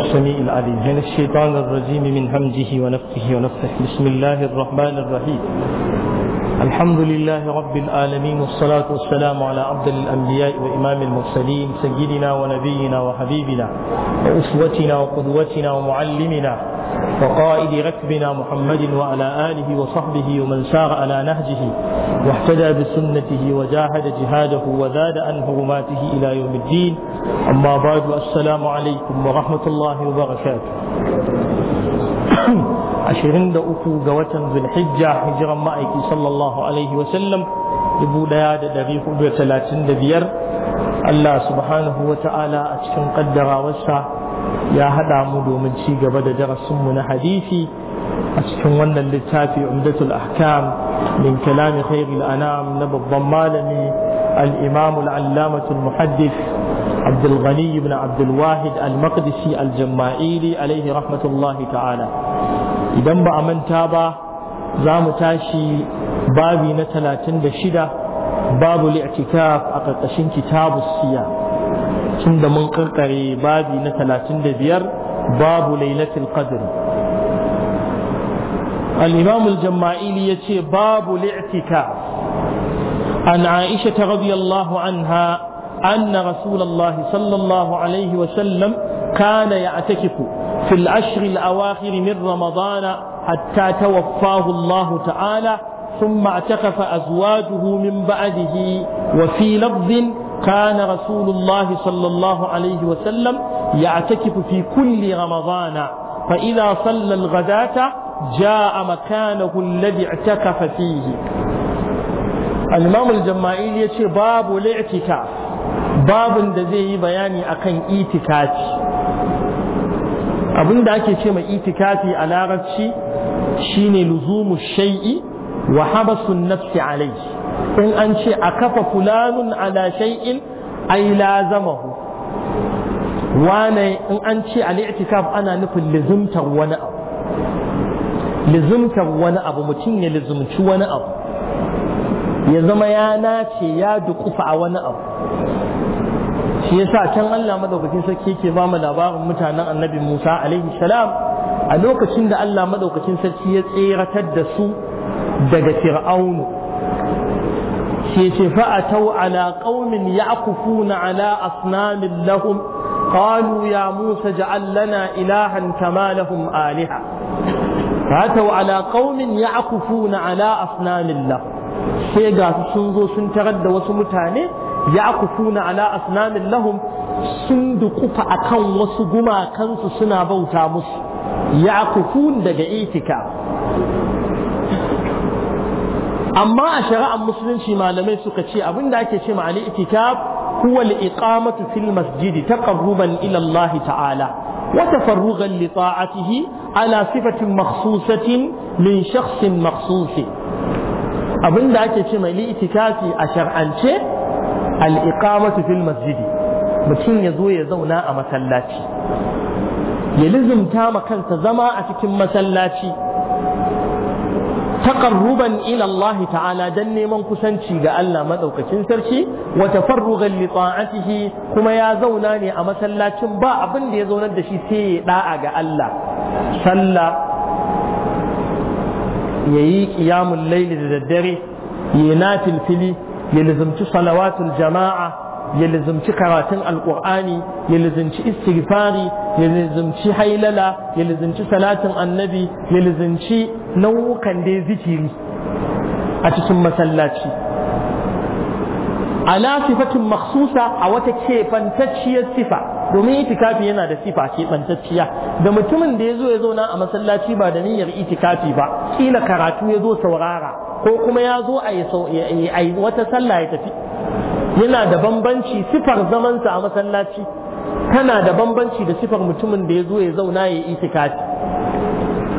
السميع العليم من الشيطان الرجيم من همزه ونفخه ونفخه بسم الله الرحمن الرحيم الحمد لله رب العالمين والصلاة والسلام على عبد الأنبياء وإمام المرسلين سيدنا ونبينا وحبيبنا وأسوتنا وقدوتنا ومعلمنا وقائد ركبنا محمد وعلى آله وصحبه ومن سار على نهجه واهتدى بسنته وجاهد جهاده وزاد عن حرماته إلى يوم الدين أما بعد السلام عليكم ورحمة الله الله وبركاته ashirin da uku ga watan zulhijja hijiran ma'aiki sallallahu alaihi wasallam dubu daya da dari hudu da talatin da biyar Allah subhanahu wa ta'ala a cikin kaddarawarsa ya haɗa mu domin ci gaba da darasinmu na hadisi a cikin wannan littafi umdatul ahkam min kalami khairil ana na babban malami al-imam al-allamatul muhaddith عبد الغني بن عبد الواحد المقدسي الجمائيلي عليه رحمة الله تعالى إذن بأمن تابا زام تاشي بابي نتلا تندشدة باب الاعتكاف أقرقشين كتاب الصيام تند من قرقري بابي نتلا تندبير باب ليلة القدر الإمام الجمائيلي يتي باب الاعتكاف عن عائشة رضي الله عنها أن رسول الله صلى الله عليه وسلم كان يعتكف في العشر الأواخر من رمضان حتى توفاه الله تعالى ثم اعتكف أزواجه من بعده وفي لفظ كان رسول الله صلى الله عليه وسلم يعتكف في كل رمضان فإذا صلى الغداة جاء مكانه الذي اعتكف فيه الإمام الجمائيل يقول باب الاعتكاف babin da zai yi bayani akan itikafi abinda ake ce mai itikafi a larabci shine luzumu shai'i wa habasun nafsi alai in an ce a kafa fulanun ala shay'in ai lazamahu wane in an ce al itikaf ana nufin lizumtar wani abu lizumtar wani abu mutum ya lizumci wani abu ya zama ya nace ya dukufa a wani abu shi yasa can Allah madaukakin sarki yake ba mu labarin mutanen annabi Musa alaihi salam a lokacin da Allah madaukakin sarki ya tseratar da su daga fir'aunu shi ce fa'atau ala qaumin ya'kufuna ala asnamin lahum قالوا يا موسى اجعل لنا إلها كما لهم آلهة فأتوا على قوم يعكفون ala أصنام lahum. sai ga sun zo sun tarar da wasu mutane ya kufuna ala asnamin lahum sun dukufa akan wasu gumakansu suna bauta musu ya kufun daga itika amma a shari'ar musulunci malamai suka ce abinda ake ce ma'ani itikaf huwa al-iqamatu fil masjidi taqarruban ila Allah ta'ala وتفرغا لطاعته على صفة مخصوصة من شخص مخصوص abin da ake ce mai li'itikafi a shar'ance al'iqamatu fil masjidi mutum ya zo ya zauna a masallaci ya lizumta ma kansa zama a cikin masallaci taqarruban ila Allah ta'ala dan neman kusanci ga Allah madaukakin sarki wa tafarrugan li ta'atihi kuma ya zauna ne a masallacin ba abin da ya zaunar da shi sai ya da'a ga Allah sallah ya yi ƙiyamun laili da daddare ya yi nafil ya lizumci salawatul jama'a ya lizumci karatun alƙur'ani ya lizumci istighfari ya lizumci hailala ya lizumci salatin annabi ya lizumci nau'ukan dai zikiri a cikin masallaci ala sifatin makhsusa a wata keɓantacciyar sifa domin itikafi yana da sifa keɓantacciya da mutumin da ya zo ya zauna a masallaci ba da niyyar itikafi ba kila karatu ya zo saurara ko kuma ya zo a yi wata sallah ya tafi yana da bambanci sifar zamansa a masallaci tana da bambanci da sifar mutumin da ya zo ya zauna ya yi itikafi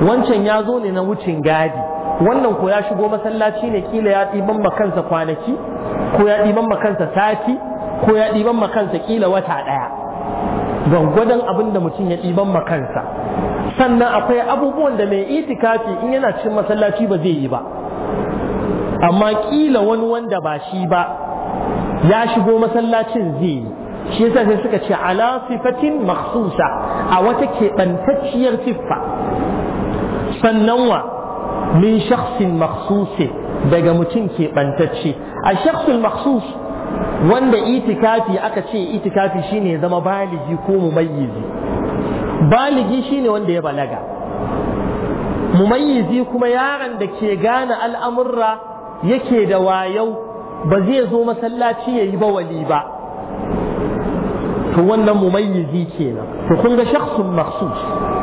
wancan ya zo ne na wucin gadi wannan ko ya shigo masallaci ne kila ya ɗiban kansa kwanaki ko ya ɗiban kansa sati ko ya ɗiban kansa kila wata ɗaya gwaggwadon abin da mutum ya ɗiban kansa sannan akwai abubuwan da mai itikafi in yana cikin masallaci ba zai yi ba amma kila wani wanda ba shi ba ya shigo masallacin zai yi shi yasa sai suka ce ala sifatin makhsusa a wata keɓantacciyar siffa sannan wa min shakhsin makhsusin daga mutum ke bantacce a shakhsin makhsus wanda itikafi aka ce itikafi shine ya zama baligi ko mumayyizi baligi shine wanda ya balaga mumayyizi kuma yaron da ke gane al'amurra yake da wayau ba zai zo masallaci ya yi bawali ba to wannan mumayyizi kenan to kun ga shakhsin makhsus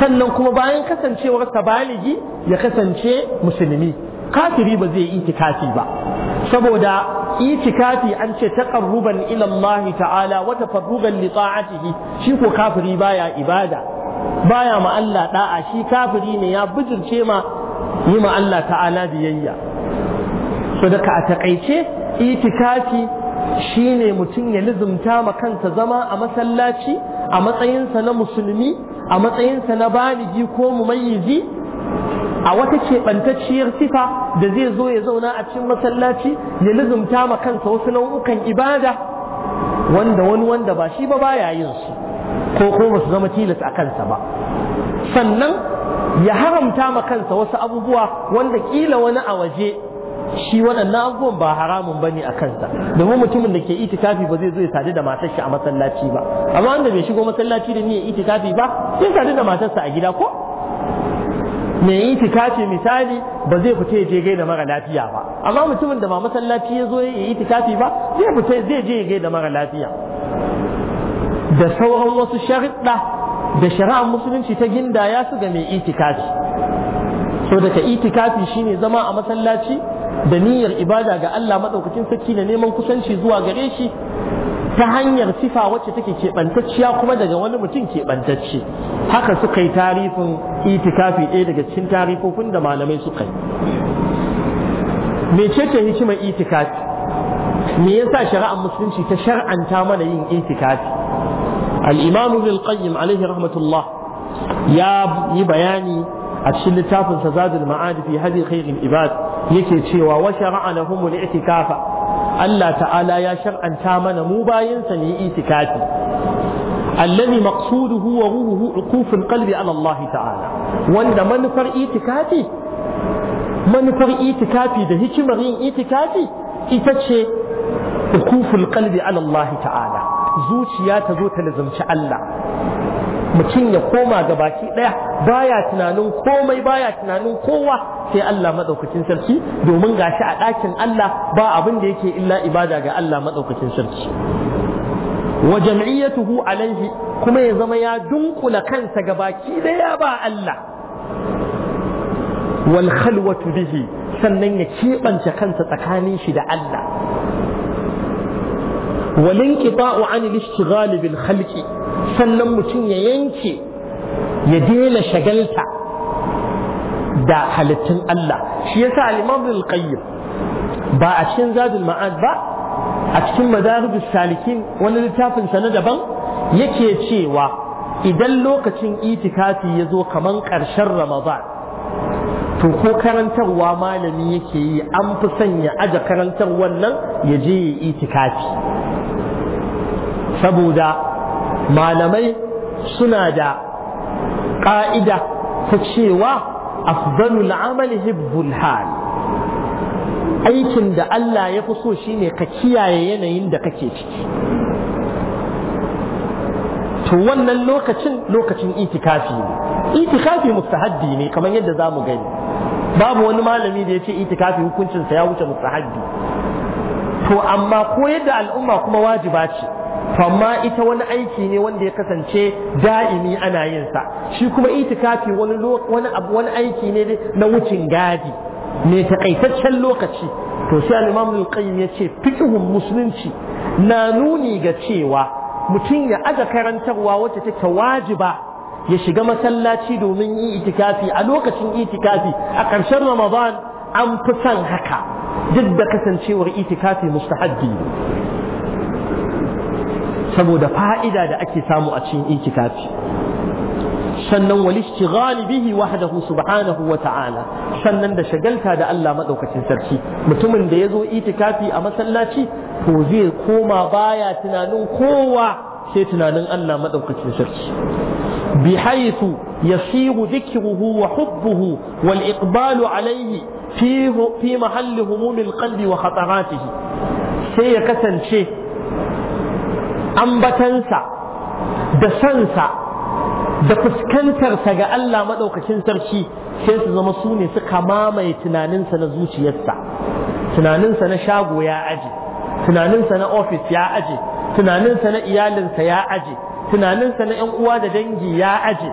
sannan kuma bayan kasancewarsa baligi ya kasance musulmi kafiri ba zai itikafi ba saboda itikafi an ce taqarruban ila Allah ta'ala wa tafarrugan li ta'atihi shi ko kafiri baya ibada baya ma Allah da'a shi kafiri ne ya bijirce ma yi ma Allah ta'ala biyayya so daga a takaice itikafi shine mutum ya lizumta ma kansa zama a masallaci a matsayinsa na musulmi a matsayinsa na baligi ko mumayyizi a wata keɓantacciyar sifa da zai zo ya zauna a cikin masallaci ya lizumta ma kansa wasu nau'ukan ibada wanda wani wanda ba shi ba ya yin su ko ko ba su zama tilas a kansa ba sannan ya haramta ma kansa wasu abubuwa wanda kila wani a waje shi waɗannan abubuwan ba haramun bane a kansa domin mutumin da ke itikafi ba zai zo ya sadu da matar shi a masallaci ba amma wanda bai shigo masallaci da niyyar itikafi ba zai sadu da matarsa a gida ko mai itikafi misali ba zai fita ya je gaida mara lafiya ba amma mutumin da ba masallaci ya zo ya itikafi ba zai fita zai je ya gaida mara lafiya da sauran wasu sharuɗa da shari'ar musulunci ta ginda ya su ga mai itikafi so daga itikafi shine zama a masallaci da niyyar ibada ga Allah maɗaukacin sarki da neman kusanci zuwa gare shi ta hanyar sifa wacce take keɓantacciya kuma daga wani mutum keɓantacce haka suka yi tarifin itikafi ɗaya daga cikin tarifofin da malamai suka yi mecece hikimar itikafi me yasa shari'ar musulunci ta shar'anta mana yin itikafi al-imam ibn qayyim alaihi rahmatullah ya yi bayani a cikin littafinsa zadul ma'ad fi hadi khairil ibad yake cewa wa shar'a lahum al Allah ta'ala ya shar'anta mana mu bayin sa ne itikafi alladhi maqsuduhu wa ruhuhu uquf qalbi ala Allah ta'ala wanda manufar itikafi manufar itikafi da hikimar yin itikafi ita ce uquf al-qalbi ala Allah ta'ala zuciya ta zo ta lazumci Allah mutum ya koma ga baki ɗaya baya tunanin komai baya tunanin kowa sai Allah maɗaukacin sarki domin gashi a ɗakin Allah ba abin da yake illa ibada ga Allah maɗaukacin sarki wa jam'iyyatuhu alaihi kuma ya zama ya dunkula kansa ga baki ɗaya ba Allah wal khalwatu bihi sannan ya keɓance kansa tsakanin shi da Allah والانقطاع عن الاشتغال بالخلق sannan mutum ya yanke ya daina shagalta da halittun Allah shi yasa al-Imam Ibn Qayyim ba a cikin Zadul Ma'ad ba a cikin Madarijus Salikin wani littafin na daban yake cewa idan lokacin itikafi ya zo kaman ƙarshen Ramadan to ko karantarwa malami yake yi an fi sanya aja karantar wannan ya je ya itikafi saboda malamai suna da ƙa'ida ta cewa afdalul amali hibbul hal aikin da Allah ya fi so shine ka kiyaye yanayin da kake ciki to wannan lokacin lokacin itikafi ne itikafi mustahabbi ne kamar yadda za mu gani babu wani malami da ya ce itikafi hukuncinsa ya wuce mustahabbi to amma ko yadda al'umma kuma wajiba ce amma ita wani aiki ne wanda ya kasance da'imi ana yin sa shi kuma itikafi wani wani abu wani aiki ne na wucin gadi mai takaitaccen lokaci to sai al-imam al-qayyim yace fiqhun musulunci na nuni ga cewa mutum ya aga karantarwa wacce take wajiba ya shiga masallaci domin yin itikafi a lokacin itikafi a ƙarshen ramadan an fi son haka duk da kasancewar itikafi mustahaddi ne saboda fa'ida da ake samu a cikin itikafi sannan wal ishtighali bihi wahdahu subhanahu wa ta'ala sannan da shagalta da Allah maɗaukacin sarki mutumin da ya zo itikafi a masallaci to zai koma baya tunanin kowa sai tunanin Allah madaukakin sarki بحيث يصير ذكره وحبه والإقبال عليه fi mahalli humumil هموم wa وخطراته sai ya kasance ambatansa da sansa da fuskantarsa ga Allah maɗaukacin sarki sai su zama su ne suka mamaye tunaninsa na zuciyarsa tunaninsa na shago ya aje tunaninsa na ofis ya aje tunaninsa na iyalinsa ya aje tunaninsa na 'yan uwa da dangi ya aje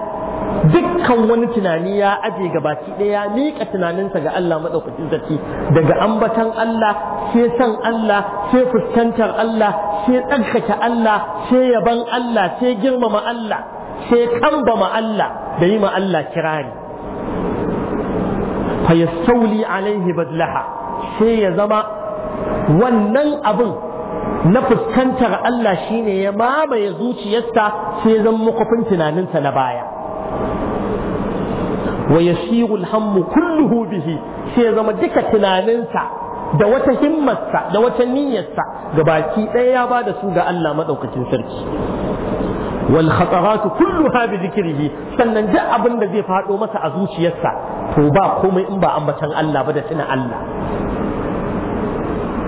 dukkan wani tunani ya aje gabaki ɗaya ya miƙa tunaninsa ga Allah maɗaukacin sarki daga ambatan Allah sai san Allah sai fuskantar Allah sai tsarkake Allah sai yaban Allah sai girmama Allah sai kambama Allah da yi ma Allah kirari fa yastauli alaihi badlaha sai ya zama wannan abin na fuskantar Allah shine ya mamaye zuciyarsa sai zan makofin tunaninsa na baya wa yasiru alhammu kulluhu bihi sai zama duka tunaninsa da wata himmarsa da wata niyyarsa gabaki ɗaya ya bada su ga Allah maɗaukacin sarki wal khataratu kulluha bi dhikrihi sannan duk abin da zai faɗo masa a zuciyarsa to ba komai in ba ambatan Allah ba da tuna Allah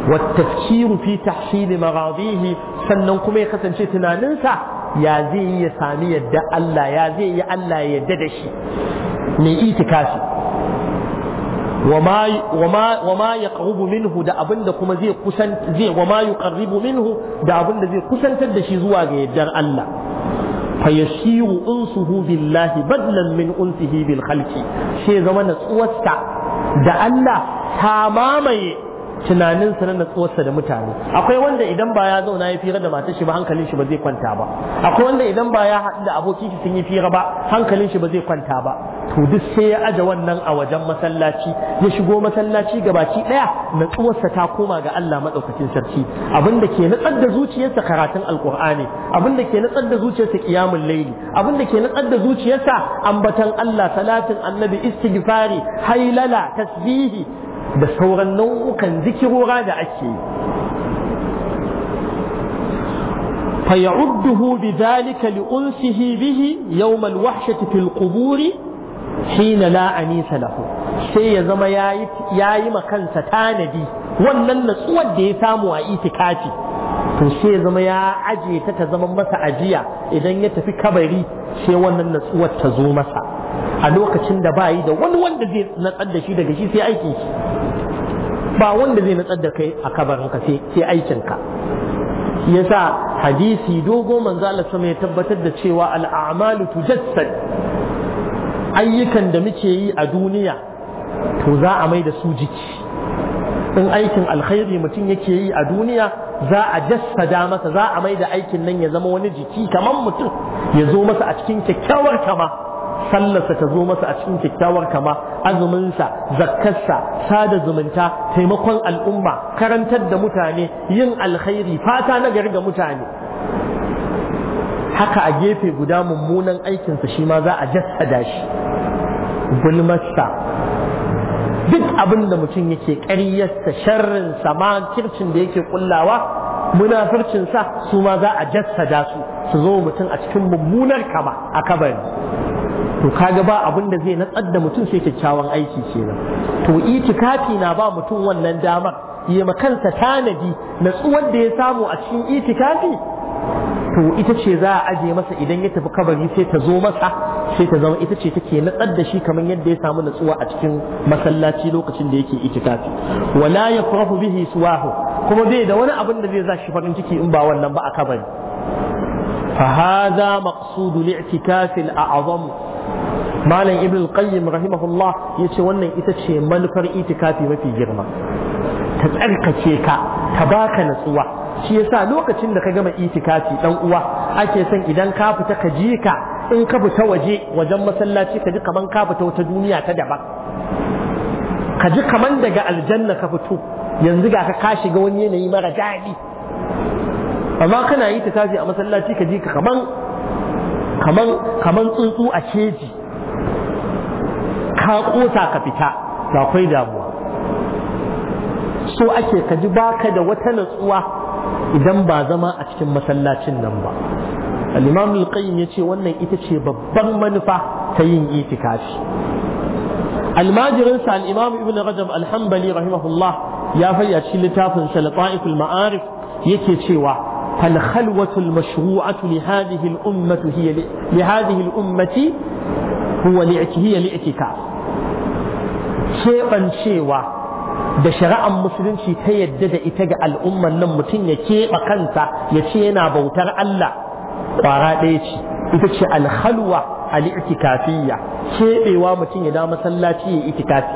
والتفكير في تحصيل مغاضيه sannan kuma ya kasance tunaninsa ya zai yi ya sami yadda Allah ya zai yi Allah ya yadda da shi mai itikafi wa ma ya ƙarubu minhu da abin da kuma zai kusan wa ma minhu da abin da zai kusantar da shi zuwa ga yaddar Allah fa yashiru unsuhu billahi badlan min unsihi bil khalqi sai zama tsuwasta da Allah ta mamaye tunaninsa na natsuwarsa da mutane akwai wanda idan ba ya zauna ya fira da matar shi ba hankalin shi ba zai kwanta ba akwai wanda idan ba ya haɗu da abokin shi sun yi fira ba hankalin shi ba zai kwanta ba to duk sai ya aje wannan a wajen masallaci ya shigo masallaci gabaci ɗaya natsuwarsa ta koma ga Allah madaukakin sarki abinda ke natsar da zuciyarsa karatun alkur'ani abinda ke natsar da zuciyarsa qiyamul layli abinda ke natsar da zuciyarsa ambatan Allah salatin annabi istighfari hailala tasbihi da sauran nau'ukan zikirora da ake yi فيعده بذلك لأنسه به يوم الوحشة في القبور حين لا أنيس له شيء زما ياي مكان ستاندي wannan natsuwar da ya samu a itikafi to sai ya zama ya aje ta ta zama masa ajiya idan ya tafi kabari sai wannan natsuwar ta zo masa a lokacin da bayi da wani wanda zai natsar da shi daga shi sai aikin shi ba wanda zai natsar da kai a kabarinka sai aikin ka sa hadisi dogo manzo Allah sama ya tabbatar da cewa al'amalu tujassad ayyukan da muke yi a duniya to za a mai da su jiki in aikin alkhairi mutum yake yi a duniya za a jassada masa za a mai da aikin nan ya zama wani jiki kamar mutum ya zo masa a cikin kyakkyawar kama sallarsa ta zo masa a cikin kyakkyawar kama azuminsa zakkarsa sada zumunta taimakon al'umma karantar da mutane yin alkhairi fata na gari ga mutane haka a gefe guda mummunan aikinsa shi ma za a jassada shi gulmarsa duk abin da mutum yake ƙaryarsa sharrinsa ma kircin da yake kullawa munafircinsa su ma za a jassada su su zo mutum a cikin mummunar kama a kabari to kaga ba abin da zai natsar da mutum sai kyakkyawan aiki ba. to itikafi na ba mutum wannan damar ya kansa tanadi natsuwar da ya samu a cikin itikafi to ita ce za a aje masa idan ya tafi kabari sai ta zo masa sai ta zama ita ce take natsar da shi kamar yadda ya samu natsuwa a cikin masallaci lokacin da yake itikafi wala yafrahu bihi suwahu kuma bai da wani abin da zai za shi farin ciki in ba wannan ba a kabari فهذا مقصود الاعتكاف الأعظم malam ibn qayyim rahimahullah yace wannan ita ce manufar itikafi mafi girma ta tsarkake ka ta baka natsuwa shi yasa lokacin da ka gama itikafi dan uwa ake son idan ka fita ka je ka in ka fita waje wajen masallaci ka ji kaman ka fita wata duniya ta daban ka ji kaman daga aljanna ka fito yanzu ga ka ka shiga wani yanayi mara daɗi amma kana yi ta tafi a masallaci ka ji ka kaman kaman kaman tsuntsu a keji ka kosa ka fita to akwai damuwa so ake ka ji baka da wata natsuwa idan ba zama a cikin masallacin nan ba al-imam al-qayyim yace wannan ita ce babban manufa ta yin itikafi almajirin sa al-imam ibn rajab al-hanbali rahimahullah ya fayyaci littafin sa lataiful ma'arif yake cewa fal khalwatu al-mashru'atu li hadhihi al-ummati hiya li keɓancewa da shari'ar musulunci ta yadda da ita ga al'ummar nan mutum ya keɓa kansa ya ce yana bautar Allah ƙwara ɗaya ce ita ce alhalwa al'itikafiyya keɓewa mutum ya da masallaci ya itikafi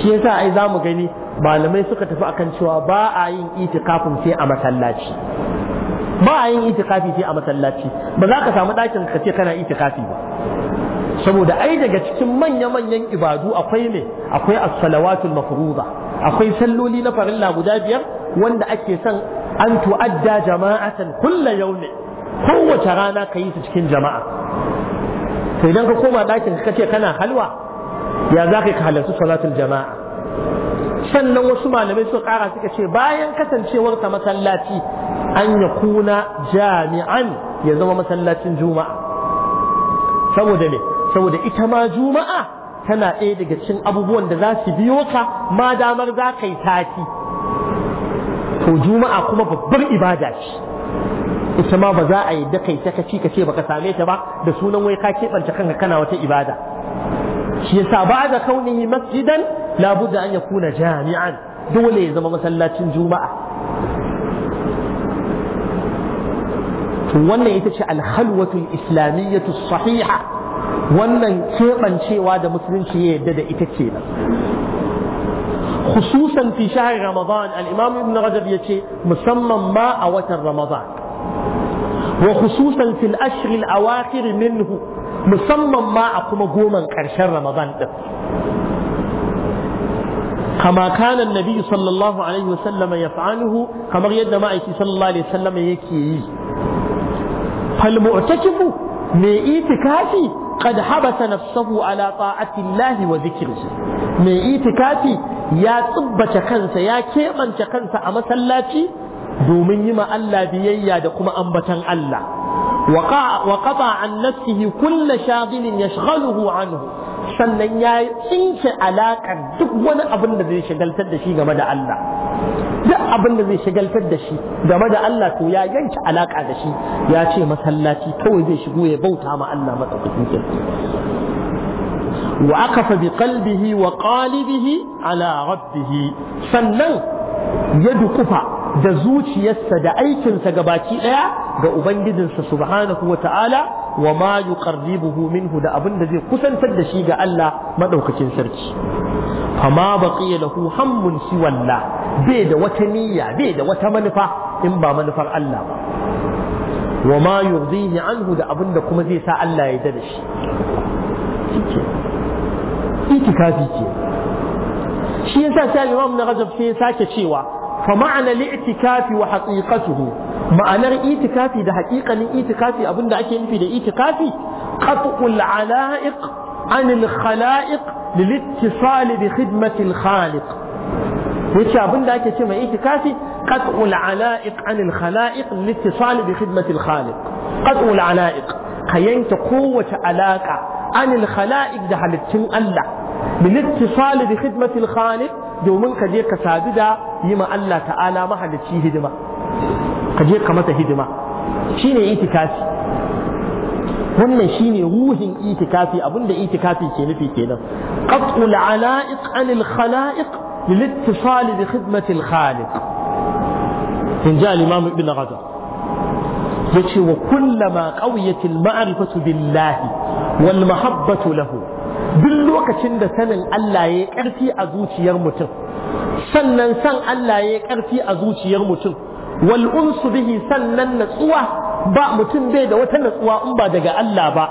shi yasa ai za mu gani malamai suka tafi akan cewa ba a yin itikafin sai a masallaci ba a yin itikafi sai a masallaci ba za ka samu ɗakin ka ce kana itikafi ba saboda ai daga cikin manya-manyan ibadu akwai ne akwai as-salawatul mafruza akwai salloli na farilla guda biyar wanda ake son an tu'adda jama'atan kulla yawmi kowace rana ka yi su cikin jama'a to idan ka koma ɗakin ka ce kana halwa ya za ka halarci salatul jama'a sannan wasu malamai suka ƙara suka ce bayan kasancewar ta masallaci an ya kuna jami'an ya zama masallacin juma'a saboda ne saboda ita ma juma'a tana ɗaya daga cikin abubuwan da za su biyo ka ma damar za ka yi sati to juma'a kuma babbar ibada ce ita ma ba za a yi da kai sakaci ka ce baka same ta ba da sunan wai ka keɓanta kanka kana wata ibada shi yasa ba da kaunihi masjidan labudda an ya kuna jami'an dole ya zama masallacin juma'a to wannan ita ce alhalwatul islamiyyatu sahiha wannan keɓancewa da musulunci ya yadda da ita ce nan khususan fi shahar ramadan al-imam ibn rajab ya ce musamman ma a watan ramadan wa khususan fil ashr al-awakhir minhu musamman ma a kuma goman karshen ramadan din كما كان النبي صلى الله عليه وسلم kamar yadda يد ما أيتي صلى الله عليه وسلم يكي فالمعتكف ميئي تكافي qad habasa nafsahu ala ta'ati Allah wa zikrihi mai itikafi ya tsibbace kansa ya kebance kansa a masallaci domin yi ma Allah biyayya da kuma ambatan Allah wa qata an nafsihi kullu shaghilin yashghaluhu anhu sannan ya tsince alakar duk wani abun da zai shagaltar da shi game da Allah duk abin da zai shagaltar da shi game da Allah to ya yanke alaka da shi ya ce masallaci kawai zai shigo ya bauta ma Allah madaukakin sarki wa akafa bi qalbihi wa qalibihi ala rabbih sannan ya dukufa da zuciyarsa da aikinsa gabaki daya ga ubangijinsa subhanahu wa ta'ala wa ma yuqarribuhu minhu da abin da zai kusantar da shi ga Allah madaukakin sarki fama baqiya lahu hammun siwalla bai da wata niyya bai da wata manufa in ba manufar Allah ba wa ma yurdihi anhu da abin da kuma zai sa Allah ya da shi itikafi ke shi yasa sai Imam na Rajab sai ya sake cewa fa ma'ana li'tikafi wa haqiqatuhu ma'anar itikafi da haƙiƙanin itikafi abinda ake nufi da itikafi qat'ul ala'iq anil khala'iq lil ittisali bi khidmati al khaliq yace abin da ake ce mai itikafi qat'ul ala'iq anil khala'iq litisali bi khidmati al khaliq qat'ul ala'iq ka yanke kowace alaka anil khala'iq da halittun Allah bi litisali bi khidmati khaliq domin ka je ka sadu da yi ma Allah ta'ala mahalicci hidima ka je ka masa hidima shine itikafi wannan shine ruhin itikafi abinda itikafi ke nufi kenan qat'ul ala'iq anil khala'iq للاتصال بخدمة الخالق إن جاء الإمام ابن رجب يقول وكلما قويت المعرفة بالله والمحبة له duk lokacin da sanin Allah ya ƙarfi a zuciyar mutum sannan san Allah ya ƙarfi a zuciyar mutum wal unsu bihi sannan natsuwa ba mutum bai da wata natsuwa in ba daga Allah ba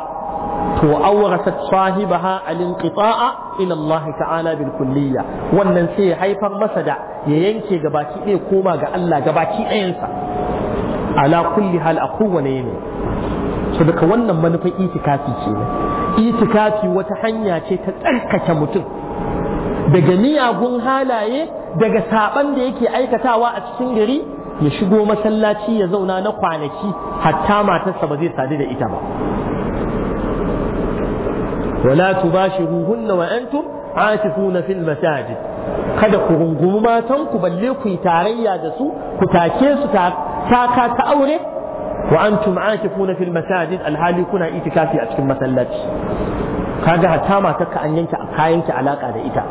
to awrasat sahibaha al-inqita'a ila Allah ta'ala bil kulliyya wannan sai ya haifar masa da ya yanke gabaki ɗaya koma ga Allah gabaki ɗayansa ala kulli hal a kowane yini so daga wannan manufar itikafi ce itikafi wata hanya ce ta tsarkake mutum daga miyagun halaye daga saban da yake aikatawa a cikin gari ya shigo masallaci ya zauna na kwanaki hatta matarsa ba zai sadu da ita ba wala tubashiruhunna wa antum atifuna fil kada ku rungumi matan ku balle ku yi tarayya da su ku take su taka ta aure wa antum funa fil masajid alhali kuna itikafi a cikin masallaci kaga hatta matarka an yanke kayanki alaka da ita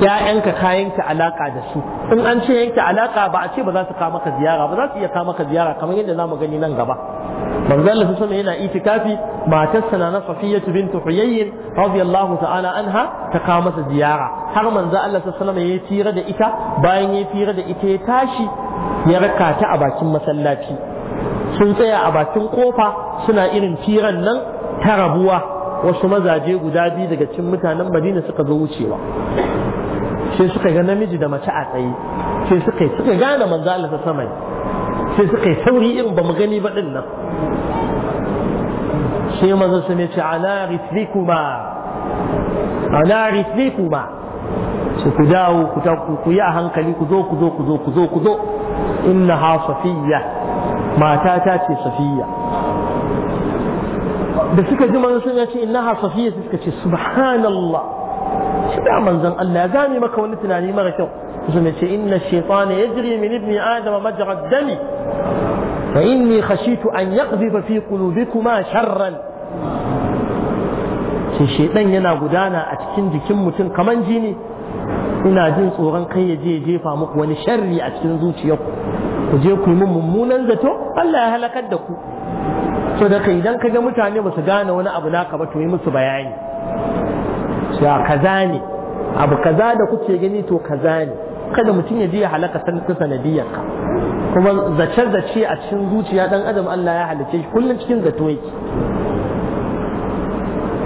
ya'yanka kayanka alaka da su in an ce yanke alaka ba a ce ba za su kawo maka ziyara ba za su iya kawo maka ziyara kamar yadda zamu gani nan gaba manzo Allah sun yana itikafi matarsa na na Safiya bint Huyayyin radiyallahu ta'ala anha ta kawo masa ziyara har manzo Allah sallallahu ya fira da ita bayan ya fira da ita ya tashi ya raka ta a bakin masallaci sun tsaya a bakin kofa suna irin firan nan ta rabuwa wasu mazaje guda biyu daga cikin mutanen Madina suka zo wucewa sai suka ga namiji da mace a tsaye sai suka yi suka gane manzo Allah ta sama sai suka yi sauri irin ba mu gani ba din nan sai manzo sai ya ce ala rithlikuma ala rithlikuma su ku dawo ku ta ku yi a hankali ku zo ku zo ku zo ku zo ku zo inna ha safiya mata ta ce safiya da suka ji manzo sai ya ce inna ha safiya suka ce subhanallah shi da manzon Allah za mu maka wani tunani mara kyau su ne ce inna shaytana yajri min ibni adam majra dami fa inni khashitu an yaqdhifa fi qulubikuma sharran shi shedan yana gudana a cikin jikin mutum kamar jini ina jin tsoron kai ya je jefa muku wani sharri a cikin zuciyarku ku je ku yi mun mummunan zato Allah ya halakar da ku so da idan ka ga mutane ba su gane wani abu naka ba to yi musu bayani cewa kaza ne abu kaza da kuke gani to kaza ne kada mutum ya je ya halaka ta sanadiyar ka kuma zace zace a cikin zuciya dan adam Allah ya halice shi kullun cikin zato yake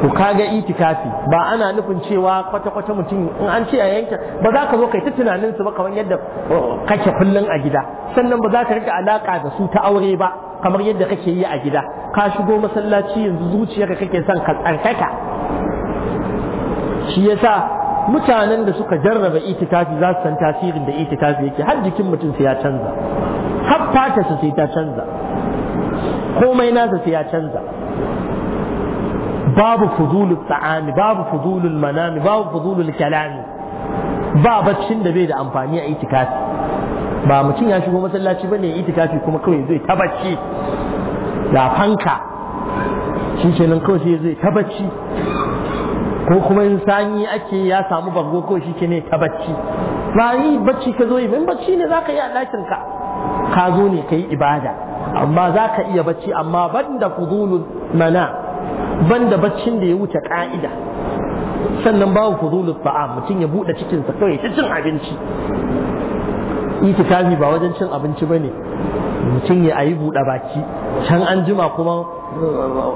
to kaga itikafi ba ana nufin cewa kwata kwata mutum in an ce a yanke ba za ka zo kai ta tunanin su ba kamar yadda uh, kake kullun a gida sannan ba za ka rika alaka da su ta aure ba kamar yadda kake yi a gida ka shigo masallaci yanzu zuciyarka kake son ka tsarkaka shi yasa mutanen da suka jarraba itikafi za su san tasirin da itikafi yake har jikin mutum sai ya canza har fata sai ta canza komai nasa sai ya canza babu fudulul ta'ami babu fudulul manami babu fudulul kalami ba baccin da bai da amfani a itikafi ba mutum ya shigo masallaci bane itikafi kuma kawai zai ta bacci ya fanka shi kenan kawai sai zai ta bacci ko kuma in sanyi ake ya samu bango ko shi ke ne ta bacci ba yi bacci ka zo yi min bacci ne za ka yi a ɗakin ka ka zo ne ka yi ibada amma za ka iya bacci amma ban da fudulun mana ban da baccin da ya wuce ka'ida sannan babu fudulun ba'a mutum ya buɗe cikinsa kawai ta cin abinci itikafi ba wajen cin abinci ba ne mutum ya ayi buɗe baki can an jima kuma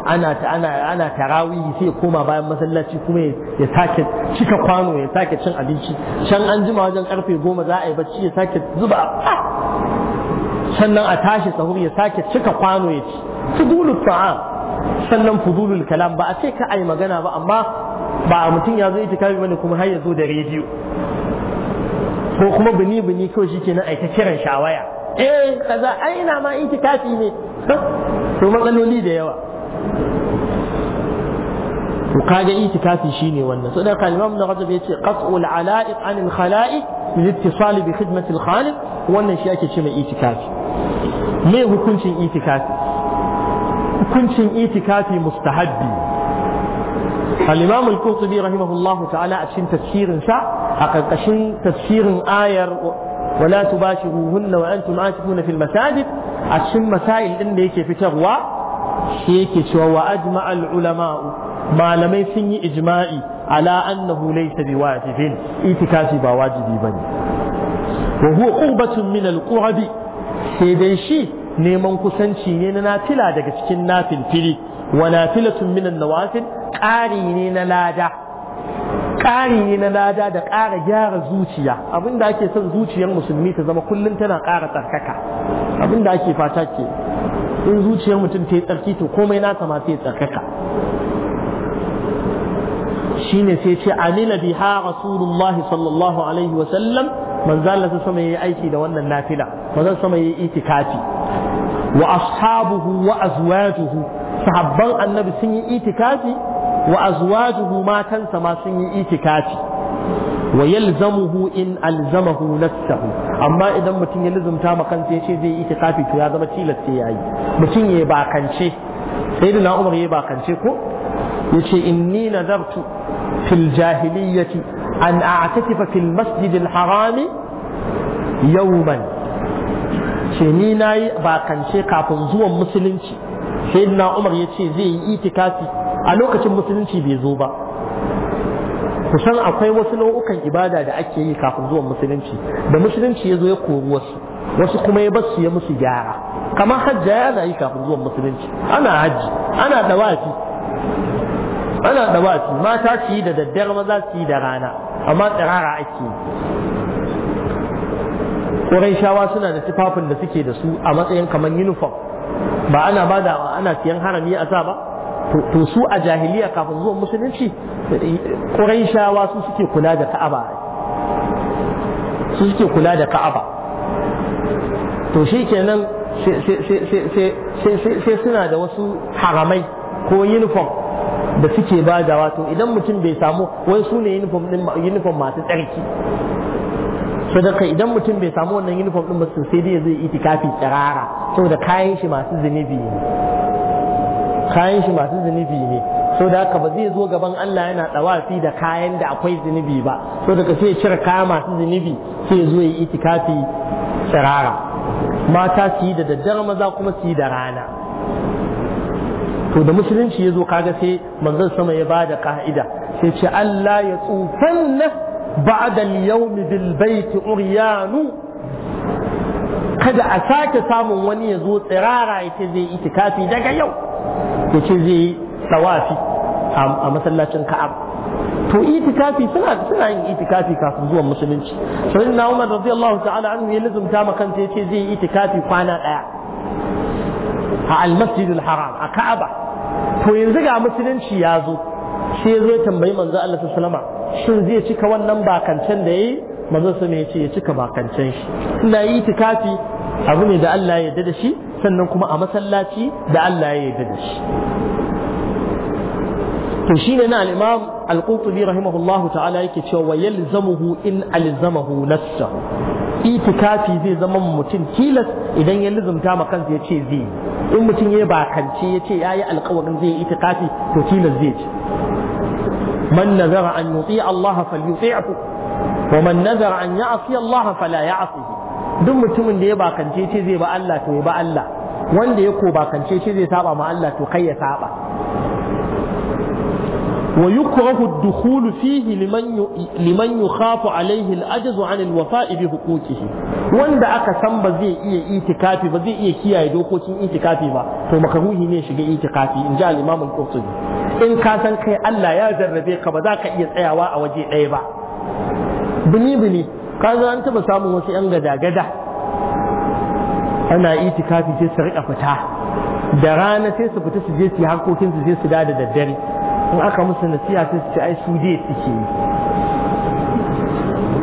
ana ta ana ana sai koma bayan masallaci kuma ya sake cika kwano ya sake cin abinci can an jima wajen karfe goma za a yi bacci ya sake zuba sannan a tashi sahur ya sake cika kwano ya ci fudulul ta'am sannan fudulul kalam ba a ce ka ai magana ba amma ba mutum ya zo itikafi bane kuma har ya zo da rediyo ko kuma bini bini kawai shikenan ai ta kiran shawaya eh kaza ai ina ma itikafi ne to matsaloli da yawa to kaga itikafi shine wannan so da kalimam da gaza yace qat'ul ala'iq anil khala'iq bil ittisali bi khidmati al khaliq wannan shi ake ce mai itikafi me hukuncin itikafi hukuncin itikafi mustahabbi al-imam al-qurtubi rahimahullahu ta'ala a cikin tafsirin sa a karkashin tafsirin ayar ولا تباشروهن وانتم عاكفون في المساجد a cikin masail ɗin da yake fitarwa shi yake cewa wa ajma al ulama malamai sun yi ijma'i ala annahu laysa biwajibin itikafi ba wajibi bane wa huwa qurbatun min al qurbi sai dai shi neman kusanci ne na nafila daga cikin nafil fili wa nafilatun min an nawafil ƙari ne na lada ƙari ne na lada da ƙara gyara zuciya da ake son zuciyar musulmi ta zama kullum tana ƙara tsarkaka da ake fata ke in zuciyar mutum ta yi tsarki to komai nasa ta yi tsarkaka shine sai ce amila ha rasulullahi sallallahu alaihi wa sallam manzo Allah sai sama yayi aiki da wannan nafila manzo sama yayi itikafi wa ashabuhu wa azwajuhu sahabban annabi sun yi itikafi wa azwajuhu matansa ma sun yi itikafi wa yalzamuhu in alzamahu nafsahu amma idan mutum ya lizumta ma kansa ya ce zai yi itikafi to ya zama tilasta yayi mutum ya bakance sai da Umar ya bakance ko yace inni nazartu fil jahiliyyati an a'takifa fil masjidin harami yawman ce ni nayi bakance kafin zuwan musulunci sayyidina umar ya ce zai yi itikafi a lokacin musulunci bai zo ba kusan akwai wasu nau'ukan ibada da ake yi kafin zuwan musulunci da musulunci ya zo ya koru wasu wasu kuma ya basu ya musu gyara kamar hajja ya ana yi kafin zuwan musulunci ana hajji ana dawafi ana dawafi mata su yi da daddare maza su yi da rana amma tsirara ake yi shawa suna da tufafin da suke da su a matsayin kamar uniform ba ana badawa ana siyan harami a sa ba to su a jahiliya kafin zuwan musulunci shawa su suke kula da ka'aba su suke kula da ka'aba to shi kenan sai suna da wasu haramai ko uniform da suke badawa to idan mutum bai samu wai su ne uniform masu tsarki sadaka idan mutum bai samu wannan uniform din ba sai dai zai itikafi tsirara saboda kayan shi masu zunubi ne kayan shi masu zunubi ne so haka ba zai zo gaban Allah yana tsawafi da kayan da akwai zunubi ba so daga sai cire kaya masu zunubi sai zo yi itikafi sirara. mata su yi da daddare maza kuma su yi da rana to da musulunci ya zo kaga sai manzon sama ya ba da ka'ida sai ce Allah ya tsufanna ba'da al yawm bil bayt uryanu kada a sake samun wani ya zo tsirara ya ce zai yi itikafi daga yau ya ce zai yi tsawafi a masallacin ka'ab to itikafi suna suna yin itikafi kafin zuwa musulunci sai na Umar radiyallahu ta'ala anhu ya lazumta ma kanta ya ce zai yi itikafi kwana daya a al-masjid al-haram a ka'aba to yanzu ga musulunci ya zo sai ya zo ya tambayi manzo Allah sallallahu alaihi wasallam shin zai cika wannan bakancen da yayi manzon sa ya ce ya cika bakancen shi ina yi tikafi abu ne da Allah ya yarda da shi sannan kuma a masallaci da Allah ya yarda da shi to shine na al-imam al-qurtubi rahimahullahu ta'ala yake cewa wa yalzamuhu in alzamahu nafsahu itikafi zai zama mutum tilas idan ya lizumta ma kansa ya ce zai in mutum ya bakance ya ce ya yi alkawarin zai yi itikafi to tilas zai ce man nazara an yuti Allah falyuti'hu wa man nazara an ya'si Allah fala ya'sihi duk mutumin da ya bakance ce zai ba Allah to ya ba Allah wanda ya ko bakance ce zai saba ma Allah to kai ya saba wa yukrahu ad-dukhul fihi liman liman yukhafu alayhi al-ajzu 'an al wanda aka san ba zai iya itikafi ba zai iya kiyaye dokokin itikafi ba to makaruhi ne shiga itikafi in ji al-imam al in kasan kai Allah ya jarrabe ka ba za ka iya tsayawa a waje ɗaya ba bini bini kaga an taba samun wasu yan gada-gada ana kafi sai su rika fita da rana sai su fita su je su yi harkokin su je su da da daddare in aka musu na sai su ce ai su je suke yi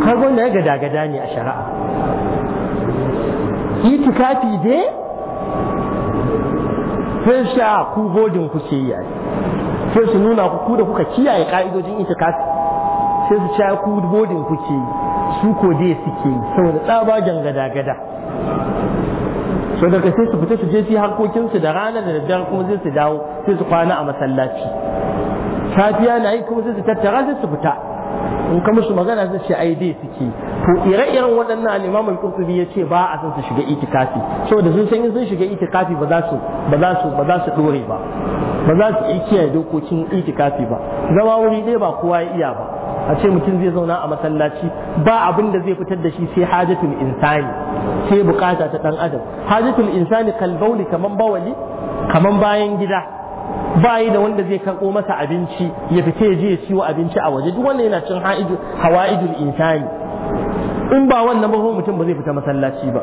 kaga wanda ya gada-gada ne a shari'a kafi dai sai sha ku bodin kuke yi sai su nuna ku da kuka kiyaye ka'idojin kafi. sai su ci ku bodin kuke yi su ko dai suke saboda tsabagen gada-gada so daga sai su fita su je su harkokinsu da rana da daddare kuma zai su dawo sai su kwana a masallaci safiya na yi kuma sai su tattara sai su fita in ka musu magana zai ce ai dai suke to ire-iren waɗannan al'imam al ya ce ba a san su shiga itikafi saboda sun san in sun shiga itikafi ba za su ba za su ba za su dore ba ba za su kiyaye dokokin itikafi ba zama wuri ɗaya ba kowa ya iya ba a ce mutum zai zauna a masallaci ba abin da zai fitar da shi sai hajatul insani sai bukata ta dan adam hajatul insani kalbauli kaman bawali kaman bayan gida bayi da wanda zai karɓo masa abinci ya fita ya je ya ciwo abinci a waje duk wanda yana cin hawa'idul insani in ba wannan ba mutum ba zai fita masallaci ba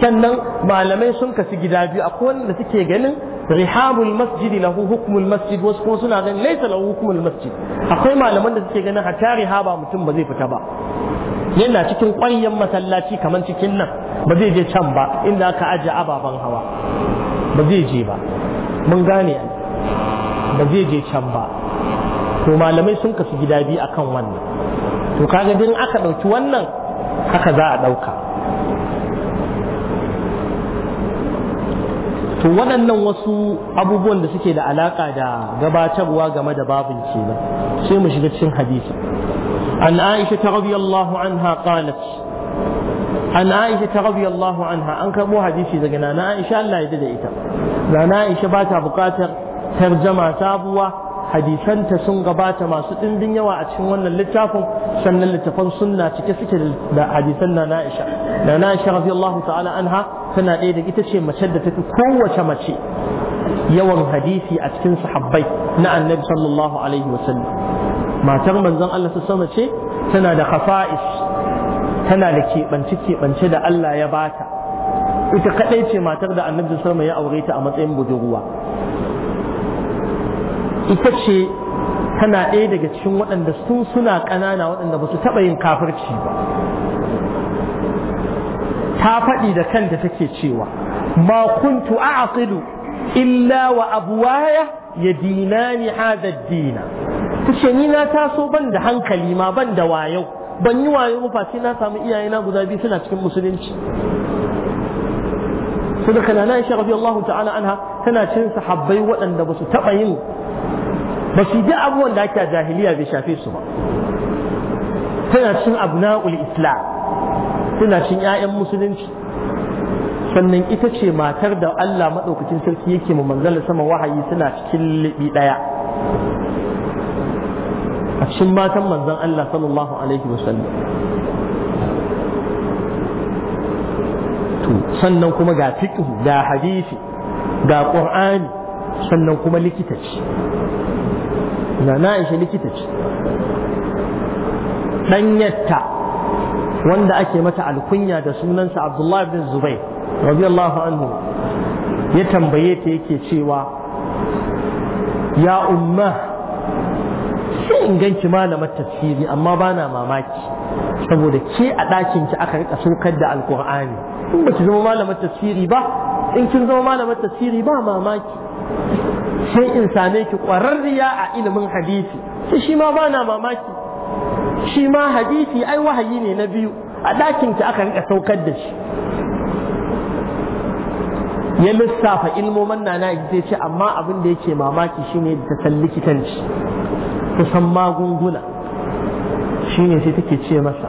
sannan malamai sun kasu gida biyu akwai wanda suke ganin rihabul masjidi lahu hukmul masjid wasu kuma suna ganin laisa lahu hukmul masjid akwai malaman da suke ganin hatta rihaba mutum ba zai fita ba yana cikin ƙwaryen masallaci kamar cikin nan ba zai je can ba inda aka aje ababen hawa ba zai je ba mun gane ba zai je can ba to malamai sun kasu gida biyu akan wannan to kaga din aka ɗauki wannan haka za a ɗauka to waɗannan wasu abubuwan da suke da alaƙa da gabatarwa game da babin kenan sai mu shiga cikin hadisi an aisha ta radiyallahu anha qalat an aisha ta radiyallahu anha an karɓo hadisi daga nana aisha Allah ya da ita nana aisha ba ta buƙatar tarjama sabuwa hadisanta sun gabata masu ɗimbin yawa a cikin wannan littafin sannan littafan sunna cike suke da hadisan na na'isha da na'isha radiyallahu ta'ala anha tana ɗaya da ita ce mace da tafi kowace mace yawan hadisi a cikin sahabbai na annabi sallallahu alaihi wa sallam matar manzon Allah ta sama ce tana da khafa'is tana da keɓance keɓance da Allah ya bata ita kadai ce matar da annabi sallallahu alaihi wa sallam ya aure ta a matsayin budurwa ita ce tana ɗaya daga cikin waɗanda sun suna ƙanana waɗanda ba su taɓa yin kafirci ba ta faɗi da kan da take cewa ma kuntu a'qilu illa wa abuwaya dina ni ad-dina ce ni na taso ban da hankali ma ban da wayau ban yi wayo ba sai na samu iyayena guda biyu suna cikin musulunci saboda kana na Aisha Allah ta'ala anha tana cin sahabbai waɗanda ba su taɓa yin ba su duk abubuwan da ake a jahiliya bai shafe su ba tana cin abna'ul islam suna cin 'ya'yan musulunci sannan ita ce matar da Allah maɗaukacin sarki yake mu manzala sama wahayi suna cikin liɓi ɗaya a cikin matan manzan Allah sallallahu alaihi wasallam sannan kuma ga fiqh ga hadisi ga Ƙur'ani sannan kuma likita ce na na aisha likita ce ɗanyarta wanda ake mata alkunya da sunansa abdullahi bin zubai radiyallahu anhu ya tambaye ta yake cewa ya umma sai in ganki malamar tafsiri amma bana mamaki saboda ke a ɗakin ki aka rika sokar da alkur'ani in ba ki zama malamar tafsiri ba in kin zama malamar tasiri, ba mamaki sai in same ki ƙwararriya a ilimin hadisi sai shi ma bana mamaki shi ma hadisi ai wahayi ne na biyu a ɗakin ki aka rika saukar da shi ya lissafa ilmomin na na zai ce amma abin da yake mamaki shine ta san likitanci ta san magunguna shine sai take ce masa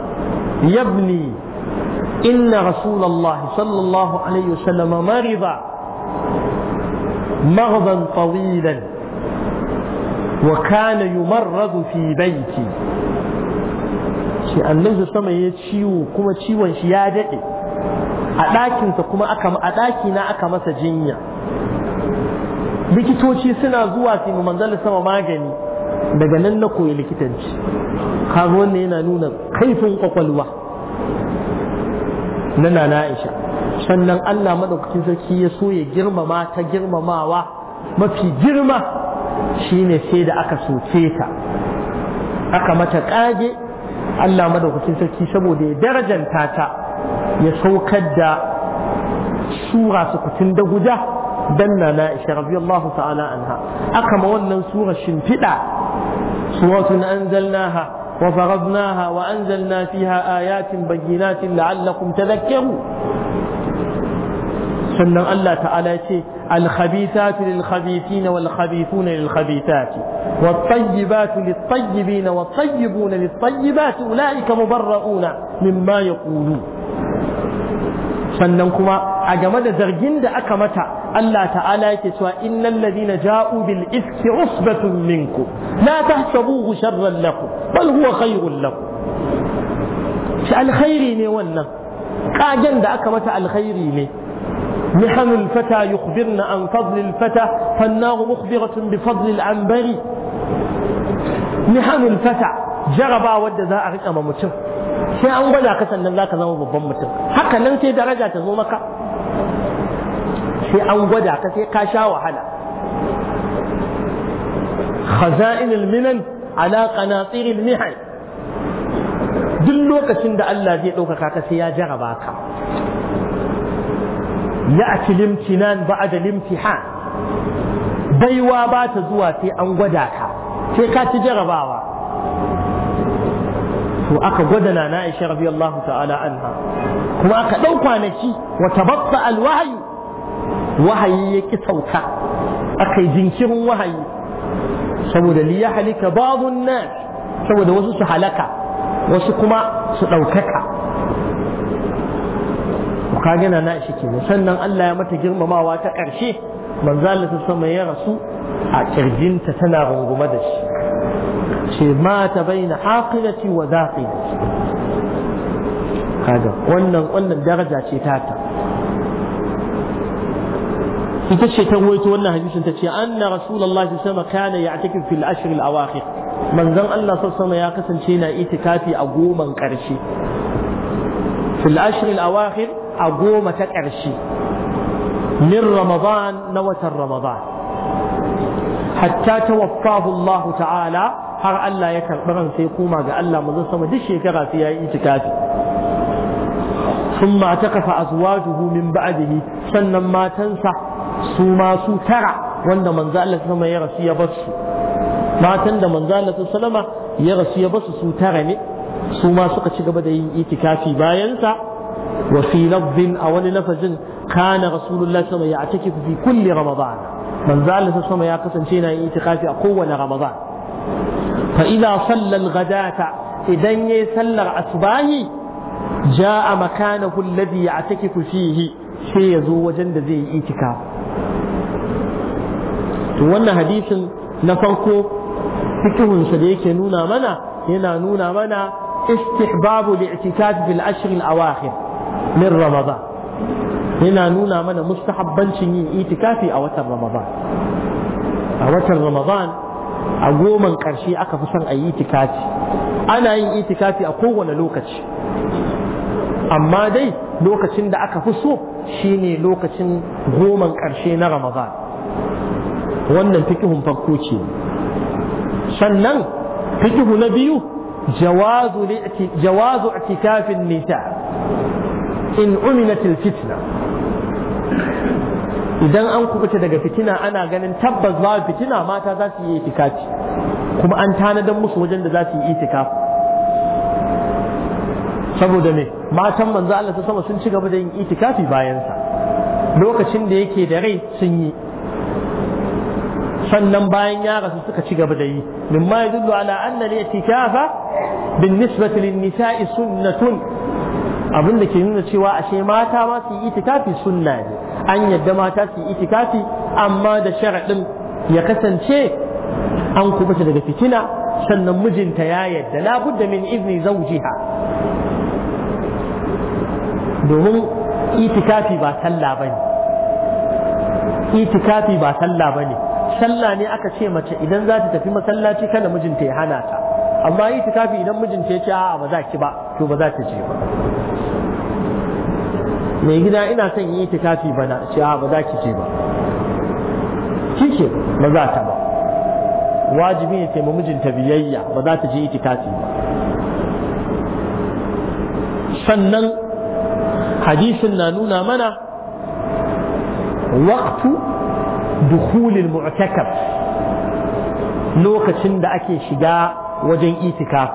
yabni إن رسول الله صلى الله عليه وسلم مرض مرضا طويلا وكان يمرض في بيتي shi su sama ya ciwo kuma ciwon shi ya daɗe a ɗakinsa kuma a ɗakina aka masa jinya likitoci suna zuwa su yi manzalin sama magani daga nan na koyi likitanci kaga wannan yana nuna kaifin kwakwalwa na nana Aisha sannan Allah madaukakin sarki ya so ya girmama ta girmamawa mafi girma shine sai da aka soke ta aka mata kage Allah madaukakin sarki saboda ya darajanta ta ya saukar da sura sukutun da guda dan nana Aisha radiyallahu ta'ala anha aka ma wannan sura shimfiɗa suratun anzalnaha وفرضناها وأنزلنا فيها آيات بينات لعلكم تذكروا سنة الله تعالى شيء الخبيثات للخبيثين والخبيثون للخبيثات والطيبات للطيبين والطيبون للطيبات أولئك مبرؤون مما يقولون سنة a game da zargin da aka mata Allah ta'ala yake cewa innal ladina ja'u bil ifki usbatun minkum la tahsabuhu sharran lakum bal huwa khairun lakum shi alkhairi ne wannan kagen da aka mata alkhairi ne محن الفتى يخبرن عن فضل الفتى فالنار مخبرة بفضل العنبر محن الفتى جربا ود ذا أرقم متر sai an gwada ka sannan zaka zama babban mutum haka nan sai daraja ta zo maka sai an gwada ka sai ka sha wahala khaza'in minan ala qanatir mihan duk lokacin da Allah zai ɗaukaka ka sai ya jaraba ka ya'ti limtinan ba'da limtihan baiwa ba ta zuwa sai an gwada ka sai ka ci jarabawa to aka gwada na na Aisha radiyallahu ta'ala anha kuma aka ɗau kwanaki wa tabatta alwahyu wahayi ya ki sauka aka yi jinkirin wahayi saboda li ya halika babun nas saboda wasu su halaka wasu kuma su ɗaukaka ka gana na shi ke sannan Allah ya mata girmamawa ta ƙarshe manzo Allah sama ya rasu a ƙirjinta tana rungume da shi ce mata baina aqilati wa zaqilati kaga wannan wannan daraja ce tata تتشي تنويت وانا هديث تتشي أن رسول الله صلى الله عليه كان يعتكف في العشر الأواخر من ذن الله صلى الله عليه وسلم يا قسم شينا إتكافي أقوما كرشي في العشر الأواخر أقوما كرشي من رمضان نوة رمضان حتى توفاه الله تعالى هر ألا يكر بغن سيقوم قال الله من ذن صلى الله عليه وسلم ثم اعتكف أزواجه من بعده سنما تنسى su ma su tara wanda manzo Allah sama ya rasu ya basu matan da manzo Allah sallama ya rasu ya basu su tara ne su ma suka ci gaba da yin itikafi bayan sa wa fi lafzin a wani lafazin kana rasulullahi sama ya atakifu fi kulli ramadan manzo Allah sama ya kasance yana yin itikafi a kowane ramadan fa idza salla al-ghadata idan yayi sallar asbahi ja'a makanahu alladhi ya'takifu fihi sai ya zo wajen da zai yi itikafi to wannan hadisin na farko fikihunsa da yake nuna mana yana nuna mana istihbabu bi i'tikaf bil ashr al awakhir min ramadan yana nuna mana mustahabbancin yin itikafi a watan ramadan a watan ramadan a goman karshe aka fi son a yi itikafi ana yin itikafi a kowane lokaci amma dai lokacin da aka fi so shine lokacin goman karshe na ramadan wannan fikihun farko ce sannan fikihu na biyu jawazu i'tikafin nisa in uminatil fitna idan an kubuta daga fitina ana ganin tabbas babu fitina mata za su yi itikafi kuma an tanadar musu wajen da za su yi itikafi saboda ne matan manzo Allah ta sama sun ci gaba da yin itikafi bayansa. lokacin da yake da rai sun yi sannan bayan ya rasu suka ci gaba da yi mimma yadullu ala anna al-i'tikafa bin nisbati lin nisa'i sunnatun abin da ke nuna cewa ashe mata ma su yi itikafi sunna ne an yadda mata su yi itikafi amma da sharaɗin ya kasance an kubuta daga fitina sannan mijinta ya yadda labudda min izni zaujiha domin itikafi ba sallah bane itikafi ba sallah bane sallah ne aka ce mace idan za ta tafi masallaci kada mijinta ya hana ta amma yi tikafi idan mijinta ya ce a'a ba za ki ba to ba za ta je ba mai gida ina son yi tikafi bana ce a'a ba za ki je ba kike ba za ta ba wajibi ne taimaki mijinta biyayya ba za ta je yi tikafi ba sannan hadisin na nuna mana waqtu dukhulil mu'takaf lokacin da ake shiga wajen itikaf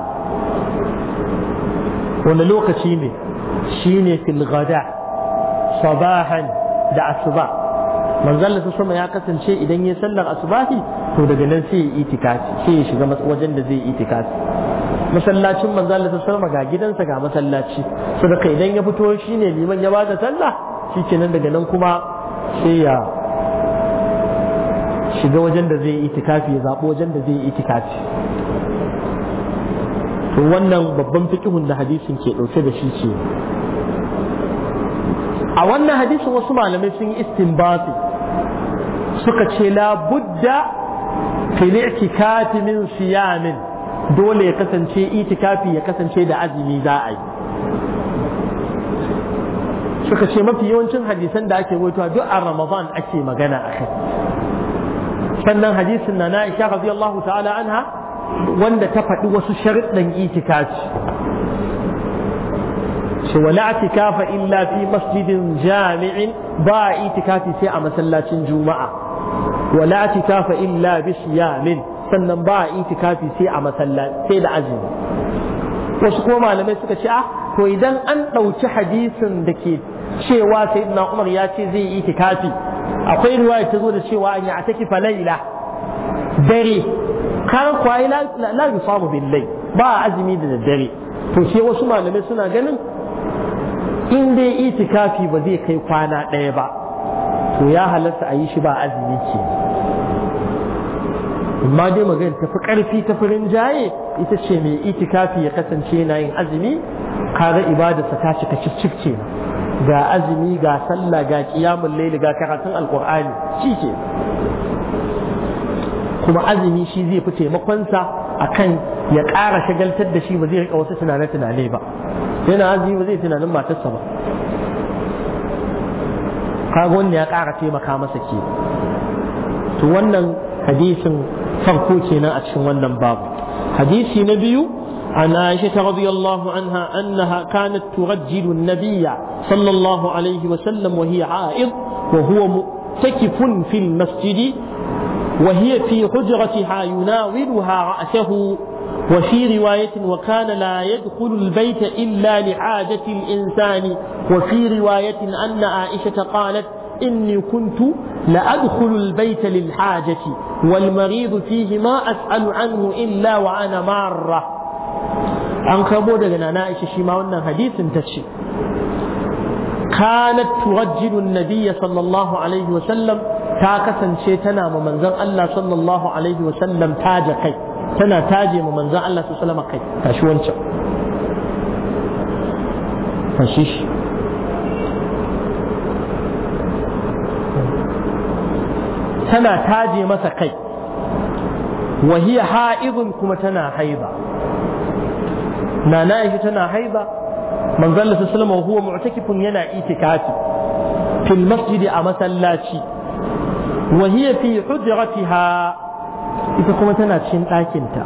wani lokaci ne shi ne ghada sabahan da asuba manzon Allah sama ya kasance idan ya sallar asubahi to daga nan sai ya itikafi sai ya shiga wajen da zai itikafi masallacin manzo Allah sallama ga gidansa ga masallaci saboda idan ya fito shi ne liman ya ba bada sallah kenan daga nan kuma sai ya shiga wajen da zai yi itikafi ya zaɓi wajen da zai yi itikafi to wannan babban fikihun da hadisin ke ɗauke da shi ce a wannan hadisin wasu malamai sun yi istinbati suka ce la budda fil i'tikafi min siyamin dole ya kasance itikafi ya kasance da azumi za a yi suka ce mafi yawancin hadisan da ake waitowa duk a ramadan ake magana a kai sannan hadisin na na isha radiyallahu ta'ala anha wanda ta faɗi wasu sharuɗan itikafi ce wala atikafa illa fi masjidin jami'in ba itikafi sai a masallacin juma'a wala atikafa illa bi siyamin sannan ba itikafi sai a masallaci sai da azumi wasu kuma malamai suka ce ah to idan an ɗauki hadisin da ke cewa sayyidina Umar ya ce zai itikafi akwai ruwaya ta zo da cewa an yi a take falaila dare kar kwaye la yusamu billai ba azumi da dare to sai wasu malamai suna ganin in dai itikafi ba zai kai kwana ɗaya ba to ya halatta a yi shi ba azumi ke amma dai magana tafi karfi ta furin jaye ita ce mai itikafi ya kasance yana yin azumi kaga ibadarsa ta cika cif cif ga azumi ga sallah ga kiyamun laili ga karatun alkur'ani shi ke kuma azumi shi zai fi taimakonsa akan ya ƙara shagaltar da shi ba zai rika wasu tunane-tunane ba yana azumi ba zai tunanin matarsa ba kaga wanda ya ƙara taimaka masa ke to wannan hadisin farko kenan a cikin wannan babu hadisi na biyu عن عائشة رضي الله عنها أنها كانت ترجل النبي صلى الله عليه وسلم وهي عائض وهو مؤتكف في المسجد وهي في حجرتها يناولها رأسه وفي رواية وكان لا يدخل البيت إلا لحاجة الإنسان وفي رواية أن عائشة قالت إني كنت لأدخل البيت للحاجة والمريض فيه ما أسأل عنه إلا وأنا مارة an kabo daga nana aisha shi ma wannan hadisin ta ce kanat tuwajjidu Nabiya sallallahu alaihi wa sallam ta kasance tana ma manzan Allah sallallahu alaihi wa sallam taje kai tana taje ma manzan Allah sallallahu alaihi wa sallam kai tashi wancan tashi tana taje masa kai وهي حائض kuma tana haiba. nana aisha tana haiba manzon Allah sallallahu alaihi huwa mu'takifun yana itikafi fil masjidi a masallaci wa hiya fi hujratiha ita kuma tana cikin ɗakinta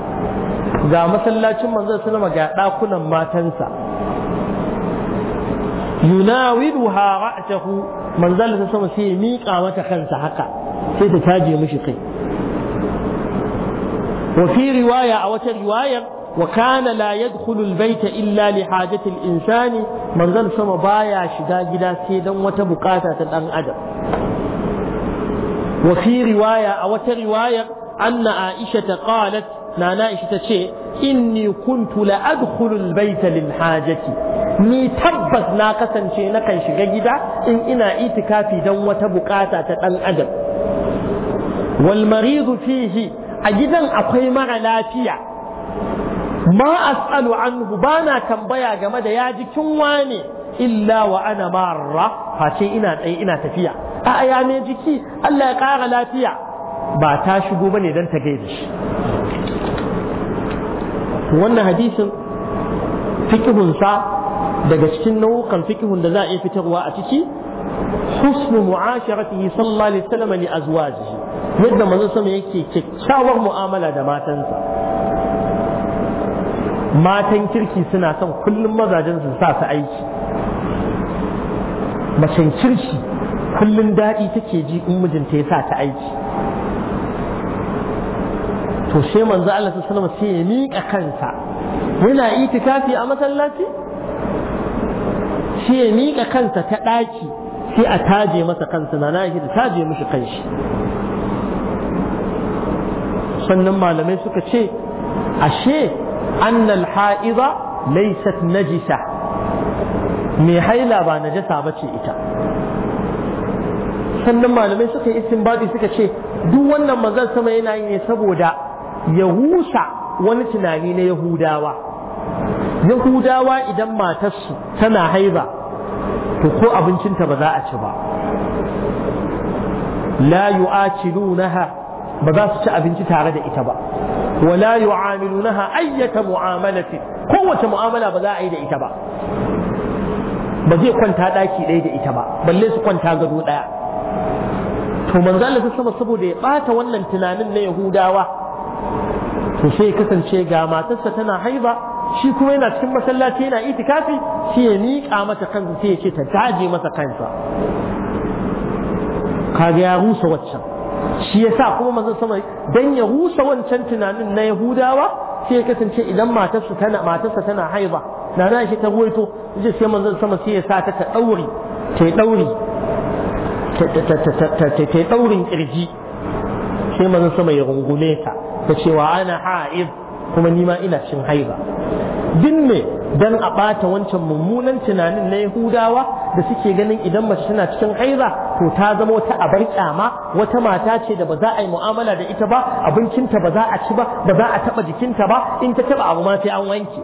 ga masallacin manzon sallama ga ɗakunan matansa yunawiduha ra'sahu manzon Allah sallallahu alaihi sai ya miƙa mata kansa haka sai ta taje mishi kai wa fi riwaya a wata riwayar وكان لا يدخل البيت إلا لحاجة الإنسان من ذل سما بايا شدا جدا سيدا وتبقاتا تدان أدب وفي رواية أو رواية أن عائشة قالت نانا عائشة شيء إني كنت لأدخل البيت للحاجة ni tabbas na kasance na kan shiga gida in ina itikafi don wata bukata ta ɗan adam wal maridu fihi a gidan akwai mara lafiya ma as'alu anhu bana tambaya game da ya ji kin illa wa ana marra ce ina tsaye ina tafiya a ya ne jiki Allah ya kara lafiya ba ta shigo bane dan ta gaida shi wannan hadisin fikihun sa daga cikin nau'ukan fikihun da za a iya fitarwa a ciki husnu mu'asharatihi sallallahu alaihi wasallam li azwajihi yadda manzon sama yake kyakkyawar mu'amala da matansa matan kirki suna son kullum mazajen su sa su aiki macen kirki kullum daɗi take ji in mijinta ya sa ta aiki to manza manzo Allah ta alaihi sai ya miƙa kansa yana itikafi a masallaci sai ya miƙa kansa ta ɗaki sai a taje masa kansa na nashi da taje mishi kanshi sannan malamai suka ce ashe annal ha'iza laysat najisa mai haila ba na jasa ba ce ita sannan malamai suka yi istinbadi suka ce duk wannan mazan sama yana yi ne saboda ya husa wani tunani na yahudawa yahudawa idan matarsu tana haiza to ko abincinta ba za a ci ba la yu'acilunaha ba za su ci abinci tare da ita ba wala yu'amilunaha ayyata mu'amalatin kowace mu'amala ba za a yi da ita ba ba zai kwanta daki ɗaya da ita ba balle su kwanta gado ɗaya to manzo Allah sama saboda ya ɓata wannan tunanin na Yahudawa to sai kasance ga matarsa tana haiba shi kuma yana cikin masallaci yana itikafi sai ya mika mata kansa sai ya ce ta taje masa kansa kaga ya rusa waccan shi ya sa kuma manzo sama dan ya rusa wancan tunanin na yahudawa sai ya kasance idan matarsa tana matarsa tana haiba na na shi ta ruwaito je sai manzo sama sai ya sa ta ta ta ta daurin kirji sai manzo sama ya rungume ta ta cewa ana ha'id kuma ni ma ina cin haiba din me dan a ɓata wancan mummunan tunanin na yahudawa da suke ganin idan mace tana cikin haiza to ta zama wata abar kyama wata mata ce da ba za a yi mu'amala da ita ba abincinta ba za a ci ba ba za a taba jikinta ba in ta taba abu ma sai an wanke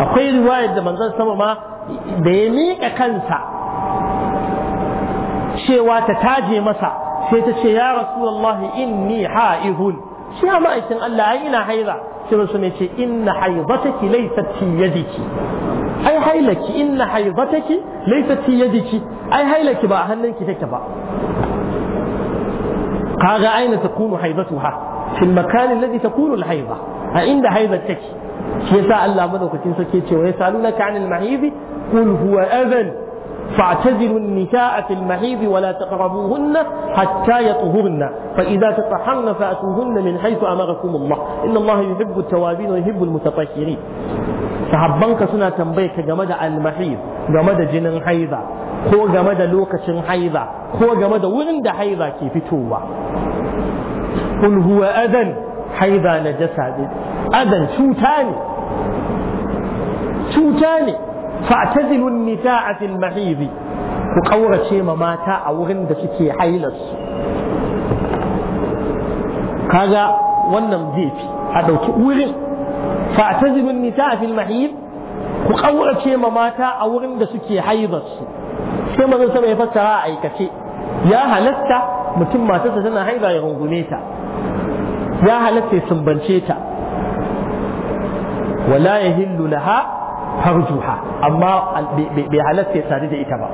akwai riwayar da manzon sama ma da ya miƙa kansa cewa ta taje masa sai ta ce ya rasulullahi inni ha'ihun shi ya ma'aikin Allah ai ina haiza sai su ne ce inna haidataki laysat fi yadiki ai hailaki inna haidataki laysat fi yadiki ai hailaki ba a hannunki take ba kaga aina takunu haidatuha fil makan alladhi takunu al haidha a inda haidar take shi yasa Allah madaukakin sarki ce wa yasalunaka anil mahidi qul huwa adhan فاعتزلوا النساء في المحيض ولا تقربوهن حتى يطهرن فإذا تطهرن فأتوهن من حيث أمركم الله إن الله يحب التوابين ويحب المتطهرين فحبانك سنة تنبيك جمد المحيض جمد جن حيضة هو جمد لوكة حيضة هو جمد ورند حيضة كيف توبة قل هو أذن حيضة نجسة أذن شو ثاني شو ثاني فاعتزلوا النساء في المحيض وقورة شيء ما ماتا أو غند في حيلس هذا ونم ديك هذا وغن فاعتزلوا النساء في المحيض وقورة شيء ما ماتا أو غند في حيلس كما قلت سبا يفتر أي كشي يا هلستا متم ما تسجن حيضا يغنغنيتا يا هلستا سنبنشيتا ولا يهل لها farzuha amma bai halatta ya sadu da ita ba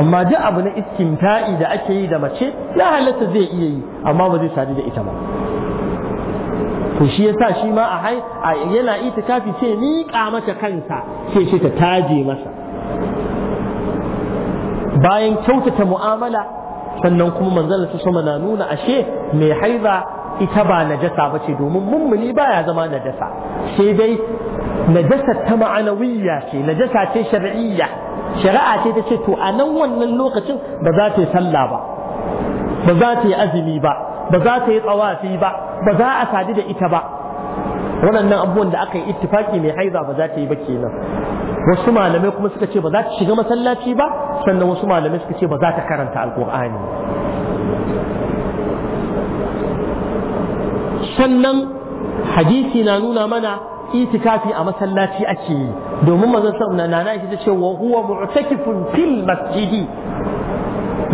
amma duk abu na istimta'i da ake yi da mace ya halatta zai iya yi amma ba zai sadu da ita ba to shi yasa shi ma a hai yana kafi sai miƙa mata kansa sai shi ta taje masa bayan kyautata mu'amala sannan kuma manzon sa sama na nuna ashe mai haiza ita ba najasa ba ce domin mummuni baya zama najasa sai dai najasa ta ma'anawiyya ce najasa ce shari'iyya shari'a ce ta ce to a nan wannan lokacin ba za ta yi sallah ba ba za ta yi azumi ba ba za ta yi tsawafi ba ba za a sadu da ita ba waɗannan abubuwan da aka yi ittifaki mai haiza ba za ta yi ba kenan wasu malamai kuma suka ce ba za ta shiga masallaci ba sannan wasu malamai suka ce ba za ta karanta alkur'ani sannan hadisi na nuna mana itikafi a masallaci ake yi domin manzon sallallahu na wasallam na na ce wa huwa mu'takifun fil masjidi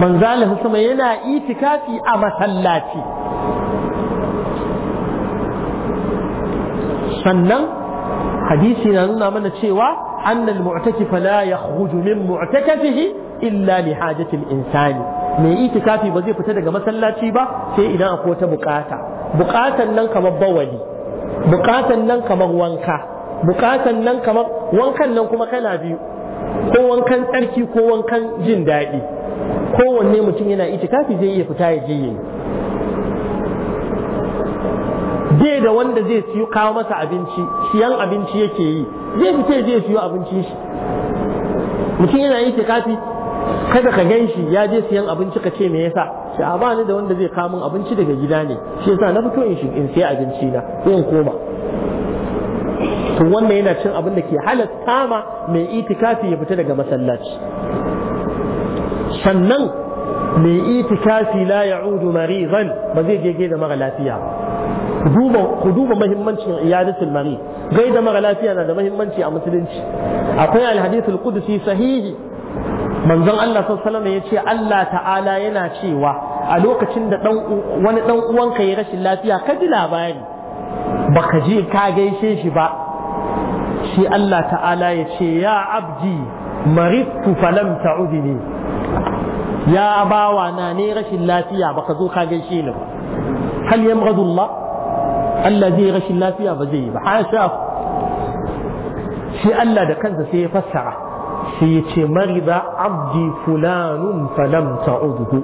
manzalin sama yana itikafi a masallaci sannan hadisi na nuna mana cewa annal mu'takifa la yakhruju min mu'takafihi illa li hajatil insani mai itikafi ba zai fita daga masallaci ba sai idan akwai wata bukata bukatan nan kamar bawali bukatan nan kamar wanka bukatan nan kamar wankan nan kuma kana biyu ko wankan tsarki ko wankan jin daɗi kowanne mutum yana ita kafi zai iya fita ya je yi da wanda zai siyo kawo masa abinci siyan abinci yake yi zai fita ya je siyo abinci shi mutum yana kafi. kada ka gan shi ya je siyan abinci ka ce me yasa shi a bani da wanda zai kamun abinci daga gida ne shi yasa na fito in in siya abinci na in koma to wannan yana cin abin da ke halatta ma mai itikafi ya fita daga masallaci sannan mai itikafi la ya'udu maridan ba zai je da mara lafiya ku duba mahimmancin iyadatul mari gai da mara lafiya na da mahimmanci a musulunci akwai alhadithul qudsi sahihi manzon Allah sallallahu ya ce Allah ta'ala yana cewa a lokacin da wani dan uwanka ya rashin lafiya ka ji labari baka je ka gaishe shi ba shi Allah ta'ala ya ce ya abdi marittu falam ta'udini ya bawa na ne rashin lafiya baka zo ka gaishe ni ba hal yamghadu Allah Allah zai rashin lafiya ba zai yi ba hasha shi Allah da kansa sai ya fassara sai ya ce marida abdi fulanun falam ba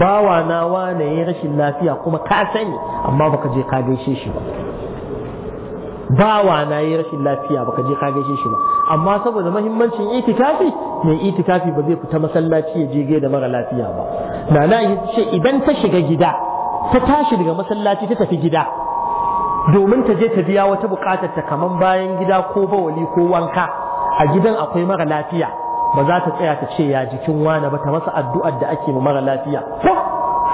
bawa na wane ya rashin lafiya kuma ka sani amma baka je ka gaishe shi ba bawa na ya rashin lafiya baka je ka gaishe shi ba amma saboda mahimmancin itikafi mai itikafi ba zai fita masallaci ya je da mara lafiya ba na na ce idan ta shiga gida ta tashi daga masallaci ta tafi gida domin ta je ta biya wata bukatar ta kamar bayan gida ko bawali ko wanka a gidan akwai mara lafiya ba za ta tsaya ta ce ya jikin wani ba ta masa addu'ar da ake ma mara lafiya ko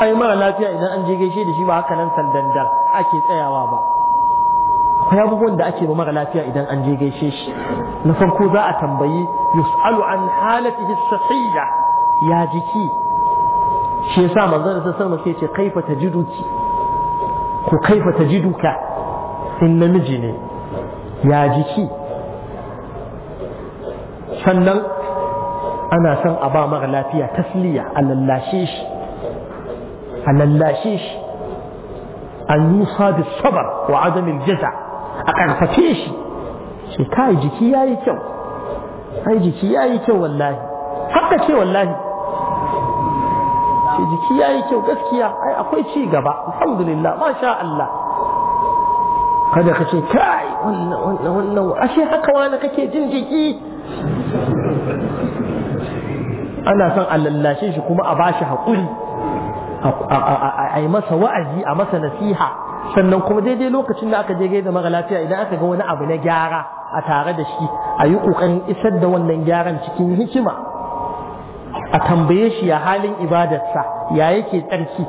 ai mara lafiya idan an je gaishe da shi ba haka nan sandandar ake tsayawa ba akwai abubuwan da ake ma mara lafiya idan an je gaishe shi na farko za a tambayi yus'alu an halatihi sahiyya ya jiki shi yasa manzon da sassan mace ce kaifa tajiduki ko kaifa tajiduka in namiji ne ya jiki sannan ana son a ba mara lafiya tasliya a lallashe shi a lallashe shi an yusa da sabar wa adamin jaza a karfafe shi shi kai jiki ya yi kyau kai jiki ya yi kyau wallahi haka ce wallahi shi jiki ya yi kyau gaskiya ai akwai ci gaba alhamdulillah sha Allah kada ka ce kai wannan wannan ashe haka wani kake jin jiki ana son a lallashe shi kuma a bashi haƙuri a yi masa wa'azi a masa nasiha sannan kuma daidai lokacin da aka je gaida mara lafiya idan aka ga wani abu na gyara a tare da shi a yi ƙoƙarin isar da wannan gyaran cikin hikima a tambaye shi ya halin ibadarsa ya yake tsarki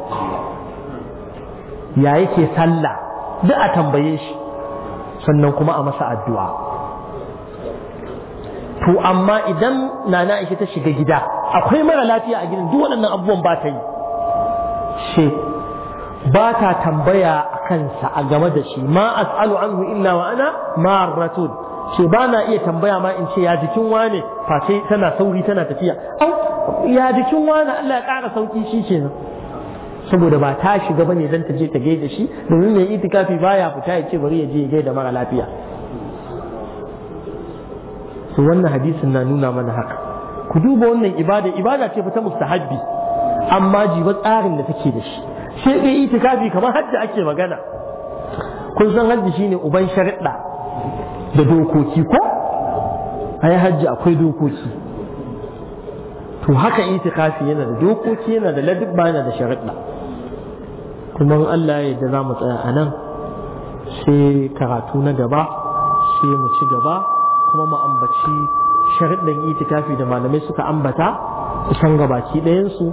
ya yake sallah duk a tambaye shi sannan kuma a masa addu'a to amma idan nana ishe ta shiga gida akwai mara lafiya a gidan duk waɗannan abubuwan ba ta yi ce ba ta tambaya a kansa a game da shi ma as'alu anhu illa wa ana ma'arratun ce ba na iya tambaya ma in ce ya jikin wane face tana sauri tana tafiya au ya jikin wane Allah ya ƙara sauki shi kenan saboda ba ta shiga ne dan ta je ta gaida shi domin mai itikafi baya fita ya ce bari ya je ya gaida mara lafiya wannan hadisin na nuna mana haka ku duba wannan ibada ibada ce fa ta mustahabbi amma jiba tsarin da take da shi sai dai itikafi kamar hajji ake magana kun san hajji shine uban shari'a da dokoki ko ai hajji akwai dokoki to haka itikafi yana da dokoki yana da ladabba yana da shari'a kuma Allah ya yarda za mu tsaya anan, sai karatu na gaba sai mu ci gaba kuma mu ambaci sharuɗin itikafi da malamai suka ambata kusan gabaki ɗayansu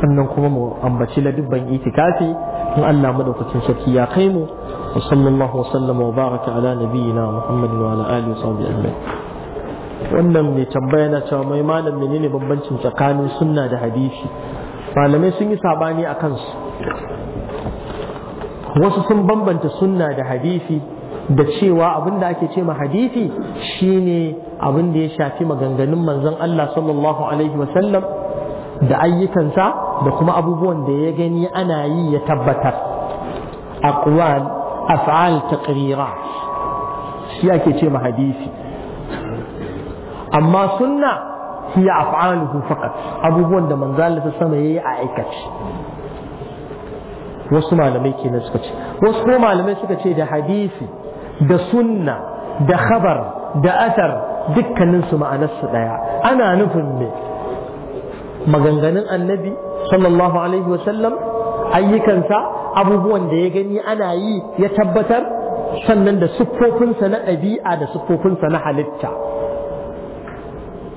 sannan kuma mu ambaci ladubban itikafi in Allah madaukakin sarki ya kai mu sallallahu sallama wa baraka ala nabiyyina Muhammadin wa ala alihi wa sahbihi ajma'in wannan mai tambaya na cewa mai malam menene bambancin tsakanin sunna da hadisi malamai sun yi sabani a kansu wasu sun bambanta sunna da hadisi da cewa abin da ake ce ma hadisi shine abin da ya shafi maganganun manzon Allah sallallahu alaihi wasallam da ayyukansa da kuma abubuwan da ya gani ana yi ya tabbatar aqwal af'al taqrira shi ake ce ma hadisi amma sunna hiya af'aluhu faqat abubuwan da manzon Allah sallallahu alaihi wasallam yayi a aikace wasu malamai kenan suka ce wasu malamai suka ce da hadisi da sunna da khabar da asar dukkaninsu ma'anarsu ɗaya ana nufin me maganganun annabi sallallahu alaihi wasallam ayyukansa abubuwan da ya gani ana yi ya tabbatar sannan da siffofinsa na ɗabi'a da siffofinsa na halitta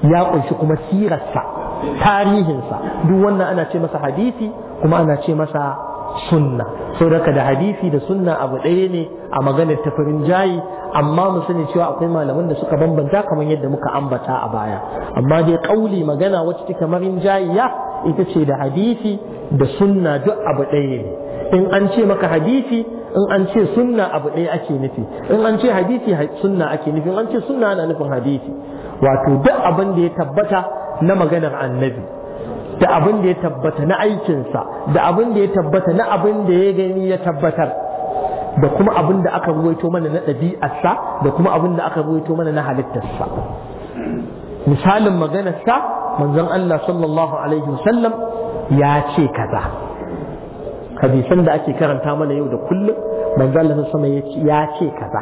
ya ƙunshi kuma sirarsa tarihinsa duk wannan ana ce masa hadisi kuma ana ce masa sunna sau daga da hadisi da sunna abu ɗaya ne a maganar tafarin jayi amma mu sani cewa akwai malaman da suka bambanta kamar yadda muka ambata a baya amma dai ƙauli magana wacce take marin jayiya ita ce da hadisi da sunna duk abu ɗaya ne in an ce maka hadisi in an ce sunna abu ɗaya ake nufi in an ce hadisi sunna ake nufi in an ce sunna ana nufin hadisi wato duk abin da ya tabbata na maganar annabi da abin da ya tabbata na aikinsa da abin da ya tabbata na abin da ya gani ya tabbatar da kuma abin da aka ruwaito mana na ɗabi'arsa da kuma abin da aka ruwaito mana na halittarsa misalin maganarsa manzon Allah sallallahu alaihi wasallam ya ce kaza hadisan da ake karanta mana yau da kullum manzon Allah sama ya ce kaza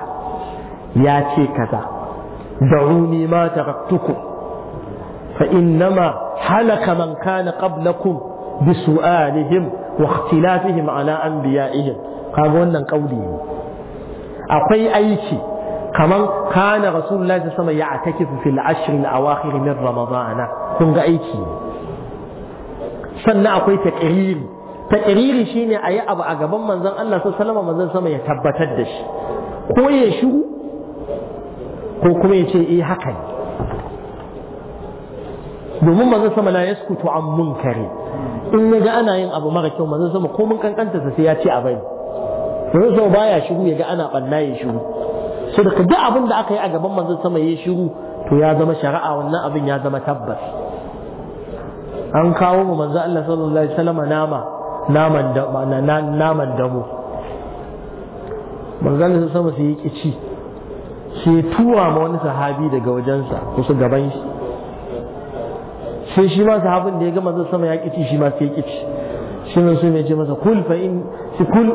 ya ce kaza da'uni ma taraktukum fa innama halaka man kana qablakum bi su'alihim wa ikhtilafihim ala anbiya'ihim kaga wannan kauli ne akwai aiki kaman kana rasulullahi ya atakifu fil ashr al awakhir min ramadana kun ga aiki sannan akwai taqriri taqriri shine ayi abu a gaban manzon Allah sallallahu alaihi wasallam manzon sama ya tabbatar da shi ko ya shiru ko kuma ya ce eh haka ne domin manzon sama la yaskutu an munkari in ga ana yin abu mara kyau manzon sama ko mun kankanta sa sai ya ce a bari so ba baya shiru ya ga ana banna ya shiru so daga duk abin da aka yi a gaban manzon sama ya shiru to ya zama shari'a wannan abin ya zama tabbas an kawo mu manzo Allah sallallahu alaihi wasallam nama naman da naman damo manzo Allah sallallahu alaihi wasallam sai ya ci sai tuwa ma wani sahabi daga wajensa kusa gaban shi sai shi ma sahabin da ya gama zai sama ya kici shi ma sai ya kici shi nan sai mai ce masa kul fa in shi kul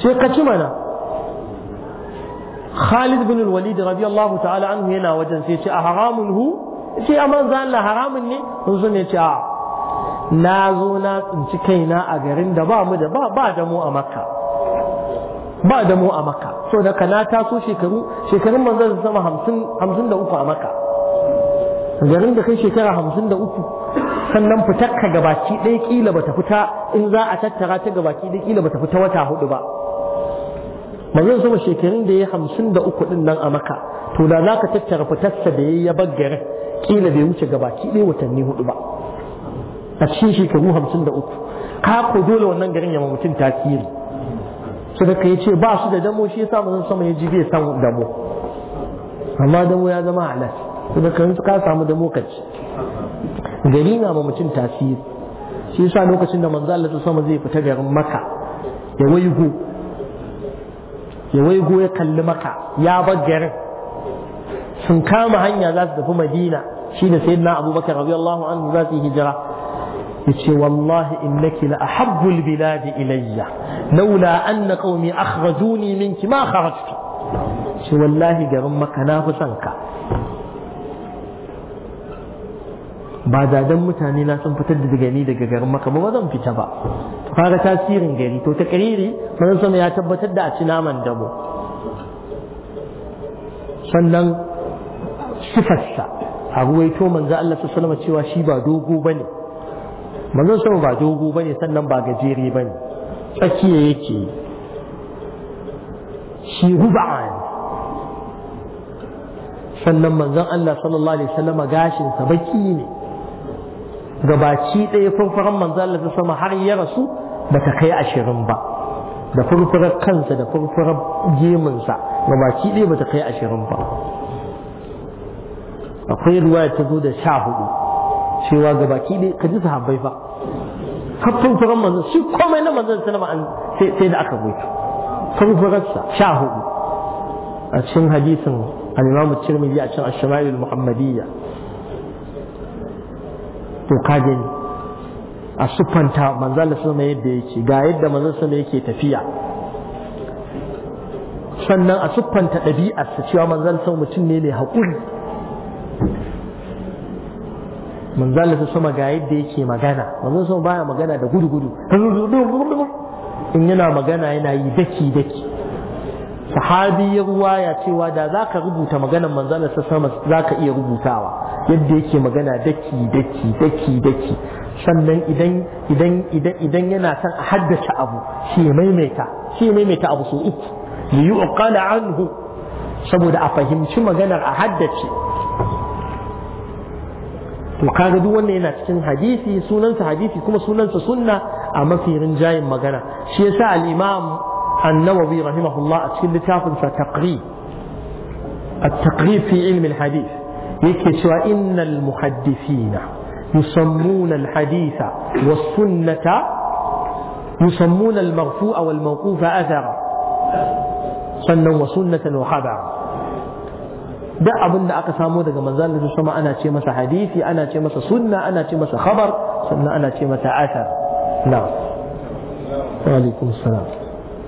sai ka ci mana Khalid bin al-Walid radiyallahu ta'ala anhu yana wajen sai ce a haramun hu ce a manzo Allah haramun ne sun sun ne ce a na zo na tsinci kaina a garin da ba mu da ba ba da mu a Makka ba da mu a Makka so da kana taso shekaru shekarun manzo sama 50 53 a Makka garin da kai shekara hamsin da uku sannan fitar ka gabaki ɗaya kila bata fita in za a tattara ta gabaki ɗaya kila bata fita wata hudu ba manzon sama shekarun da ya hamsin da uku ɗin nan a maka to da za ka tattara fitarsa da ya yi bar garin kila bai wuce gabaki ɗai watanni hudu ba a cikin shekaru hamsin da uku ka ko dole wannan garin ya mutum tasiri su da ka ce ba su da damo shi ya yasa manzon sama ya ji bai san damo amma damo ya zama halas kuma kan ka samu da mokaci gari na ma mutum tasiri shi yasa lokacin da manzo Allah sama zai fita garin Makka ya waigo ya waigo ya kalli Makka ya bar garin sun kama hanya za su tafi Madina shi da sayyidina Abubakar radiyallahu anhu za su yi hijira yace wallahi innaki la ahabbul bilad ilayya laula anna qaumi akhrajuni minki ma kharajtu ce wallahi garin Makka na fi son ka ba da dan mutane na sun fitar da gani daga garin maka ba zan fita ba kaga tasirin gari to kariri manzon sama ya tabbatar da a ci naman dabo sannan sifarsa a ruwaito manzo Allah sallallahu alaihi cewa shi ba dogo bane manzon sama ba dogo bane sannan ba gajere bane tsakiya yake shi huba'an sannan manzon Allah sallallahu alaihi wasallam gashin sa baki ne gabaci ɗaya furfuran manzo Allah ta sama har ya rasu ba ta kai ashirin ba da furfurar kansa da furfurar gemunsa gabaci ɗaya ba ta kai ashirin ba akwai ruwa ta zo da sha hudu cewa gabaki ɗaya ka ji sahabbai fa har furfuran manzo shi komai na manzo sallama an sai sai da aka goyi furfurarsa sha hudu a cikin hadisin al-Imam Tirmidhi a cikin Ash-Shama'il Muhammadiyya to ka a siffanta manzala sama yadda ya ce ga yadda manzala sama yake tafiya sannan a siffanta su cewa manzala sama mutum ne mai haƙuri manzala sama ga yadda yake magana manzala sama baya magana da gudu-gudu in yana magana yana yi daki-daki sahabi ya ruwa ya cewa da za ka rubuta maganar manzalar sa sama za ka iya rubutawa yadda yake magana daki daki daki daki sannan idan yana son a haddace abu shi maimaita shi maimaita abu su uku li yuqala anhu saboda a fahimci maganar a haddace to kaga duk wannan yana cikin hadisi sunansa hadisi kuma sunansa sunna a mafi rinjayin magana shi yasa al-imam النووي رحمه الله أتشل لتافن فتقريب التقريب في علم الحديث يكي سوى إن المحدثين يسمون الحديث والسنة يسمون المرفوع والموقوف أثرا سنة وسنة وخبرا da abin da aka samo daga manzan da sama ana ce masa hadisi ana ce masa sunna ana ce masa khabar sannan ana ce masa asar na alaikum salam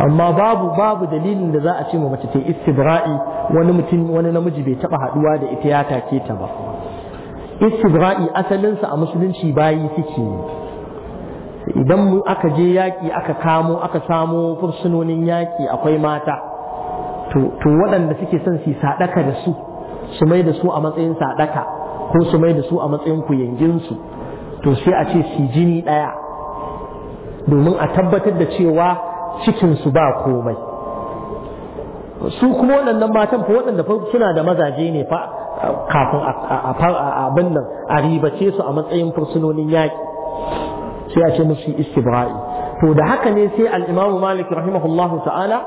amma babu babu dalilin da za a ce mace ta istibra'i wani mutum wani namiji bai taba haduwa da ita ya take ta ba istibra'i asalinsa a musulunci bayi suke idan aka je yaki aka kamo aka samo fursunonin yaƙi akwai mata to waɗanda suke son su sadaka da su su mai da su a matsayin sadaka ko su mai da su a matsayin su to sai a ce su jini ɗaya domin a tabbatar da cewa cikinsu ba komai su kuma waɗannan matan fa waɗanda fa suna da mazaje ne fa kafin a abin nan a ribace su a matsayin fursunonin yaƙi sai a ce musu istibra'i to da haka ne sai al-imamu malik rahimahullahu ta'ala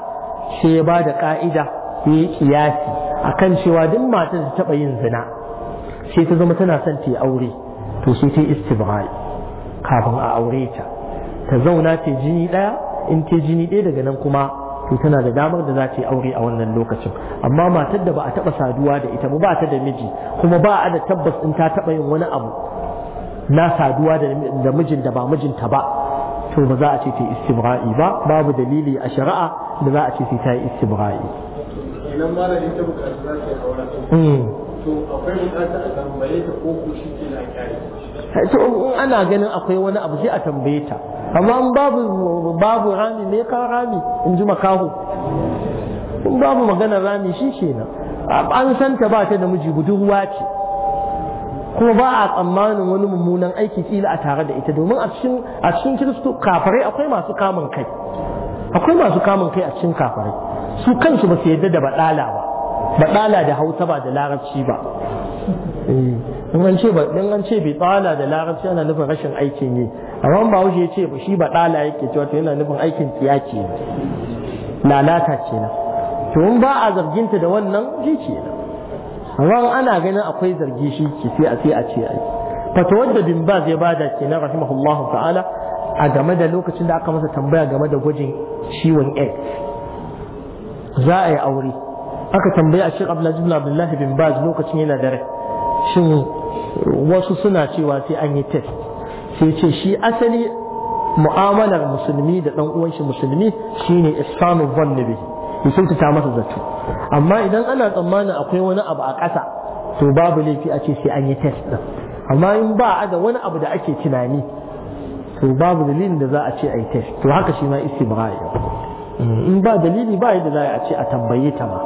sai ya ba da ka'ida ya yi kiyasi akan cewa duk matan ta taɓa yin zina sai ta zama tana son ta yi aure to sai ta yi istibra'i kafin a aure ta ta zauna ta jini ɗaya in ta jini ɗaya daga nan kuma to tana da damar da za ta yi aure a wannan lokacin amma matar da ba a taɓa saduwa da ita ba ba ta da miji kuma ba a da tabbas in ta taɓa yin wani abu na saduwa da mijin da ba mijinta ba to ba za a ce ta yi istibra'i ba babu dalili a shari'a da za a ce sai ta yi istibra'i idan bukatu za ta yi aure hmm. to akwai a tambaye ta ko shi ke na kyari to in ana ganin akwai wani abu sai a tambaye ta amma babu babu rami me ka rami in ji makahu in babu magana rami shi kenan an ta ba ta da miji budurwa ce kuma ba a tsammanin wani mummunan aiki kila a tare da ita domin a cikin a cikin kristo kafare akwai masu kamun kai akwai masu kamun kai a cikin kafare su kansu ba su yadda da badala ba baɗala da hausa ba da larabci ba eh. in an ce ba ce bi tsala da larabci ana nufin rashin aikin yi amma ba wuce ya ce shi ba tsala yake cewa to yana nufin aikin tsiya lalata ce na to in ba a zarginta da wannan shi na. amma ana ganin akwai zargi shi ke sai a sai a ce ai fata wadda bin ba ya bada kenan rahimahullahu ta'ala a game da lokacin da aka masa tambaya game da gwajin ciwon X. za a yi aure aka tambaya a shi Abdullahi bin Baz lokacin yana da rai shin wasu suna cewa sai an yi test sai ce shi asali mu'amalar musulmi da dan uwan shi musulmi shine ihsanu dhanni bihi ya ta masa zato amma idan ana tsammanin akwai wani abu a ƙasa to babu laifi a ce sai an yi test din amma in ba a da wani abu da ake tunani to babu dalilin da za a ce a yi test to haka shi ma istibrai in ba dalili ba yadda za a ce a tambaye ta ma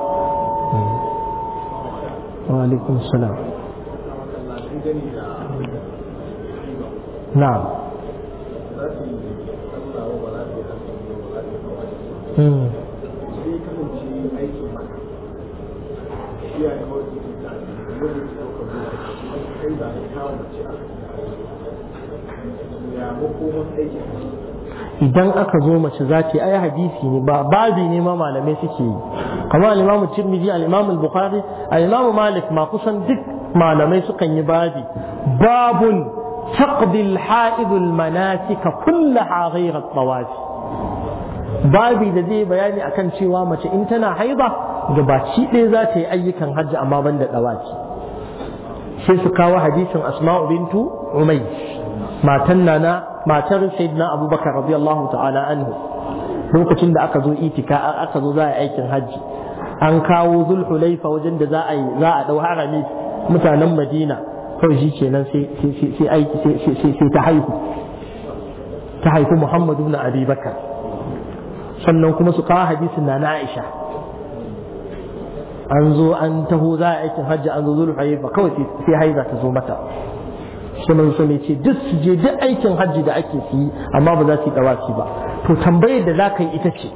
wa alaikum salam نعم idan aka zo mace za ta ai hadisi ne ba babi ne ma malamai suke yi kamar al-imamu tirmidhi al-imamu al-bukhari al-imamu malik ma kusan duk malamai sukan yi babi babun taqdil ha'idul manasika kullaha ghayra tawafi babi da zai bayani akan cewa mace in tana haiba gabaci ɗaya za ta yi ayyukan hajji amma ban da ɗawaki sai su kawo hadisin asma'u bintu umay matan nana matar sayyidina abubakar radiyallahu ta'ala anhu lokacin da aka zo itika aka zo za a yi aikin hajji an kawo zulhulaifa wajen da za a za a dau harami mutanen madina kawai shi nan sai ta haihu ta haifi muhammadu na abubakar sannan kuma su kawo hadisin na Na'isha. an zo an taho za a aikin hajji an zo zulfa yi ba kawai sai haiza ta zo mata shi mun so ce duk su je duk aikin hajji da ake su yi amma ba za su yi dawaci ba to tambayar da za ka yi ita ce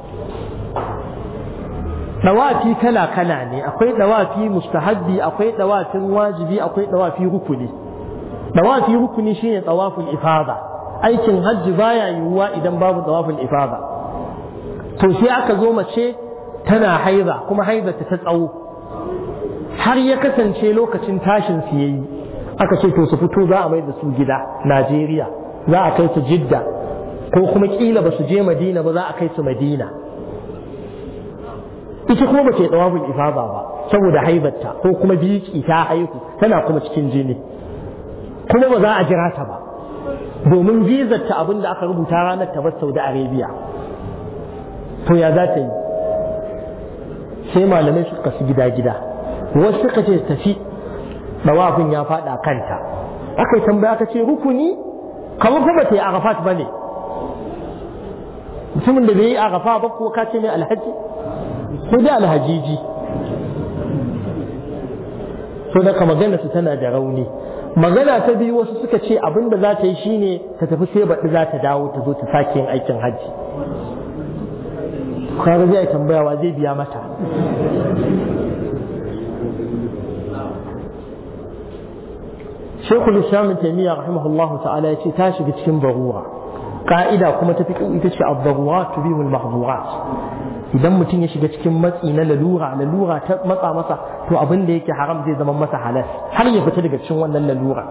dawafi kala kala ne akwai dawafi mustahabbi akwai dawafin wajibi akwai dawafi rukuni dawafi rukuni shine tsawafin ifada aikin hajji baya yiwuwa idan babu tawaful ifada to sai aka zo mace tana haiza kuma haiza ta tsawo har ya kasance lokacin tashin su yayi aka ce to su fito za a mai da su gida Najeriya za a kai su Jidda ko kuma kila ba su je Madina ba za a kai su Madina ita kuma ba ta yi tsawafin ifaba ba saboda haibarta ko kuma biki ta haihu tana kuma cikin jini kuma ba za a jira ta ba domin vizar ta abin da aka rubuta ranar ta bar Saudi Arabia to ya za ta yi sai malamai suka su gida gida wasu suka ce tafi dawafin ya fada kanta aka yi tambaya ka ce rukuni kamar kuma ta yi arafat ba ne mutumin da bai yi arafa ba ko ka ce mai alhaji sai da alhajiji so daga magana su tana da rauni magana ta biyu wasu suka ce abin da za ta yi shine ta tafi sai baɗi za ta dawo ta zo ta sake yin aikin hajji kwarar zai tambaya wa zai biya mata shekul islam taimiyya rahimahullahu ta'ala ya ce ta shiga cikin barura ka'ida kuma ta fi ita ce abdaruwa tubihul mahzurat idan mutum ya shiga cikin matsi na lalura lalura ta matsa masa to abin da yake haram zai zama masa halal har ya fita daga cikin wannan lalura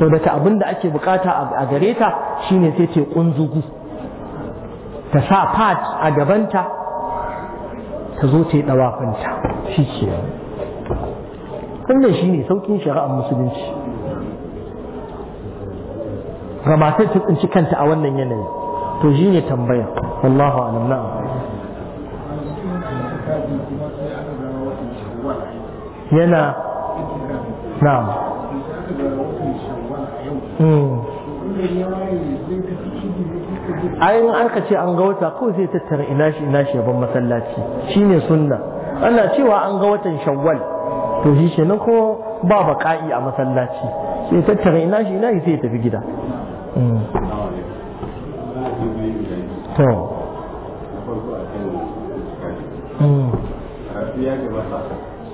so daga abin da ake bukata a gare ta shine sai ce kunzugu ta sa fat a gabanta ta zo ta yi dawafinta shi ke wannan shine saukin shari'ar musulunci ga matar ta tsinci kanta a wannan yanayi to shine tambaya wallahu a'lam na'am yana na'am hmm. ayin aka ce an ga wata kawai zai tattara ina shi ina shi ban masallaci ne sunna ana cewa an ga watan shawwal to shi kenan ko ba ka'i a masallaci sai tattara ina shi ina shi sai tafi gida hmm. Hmm.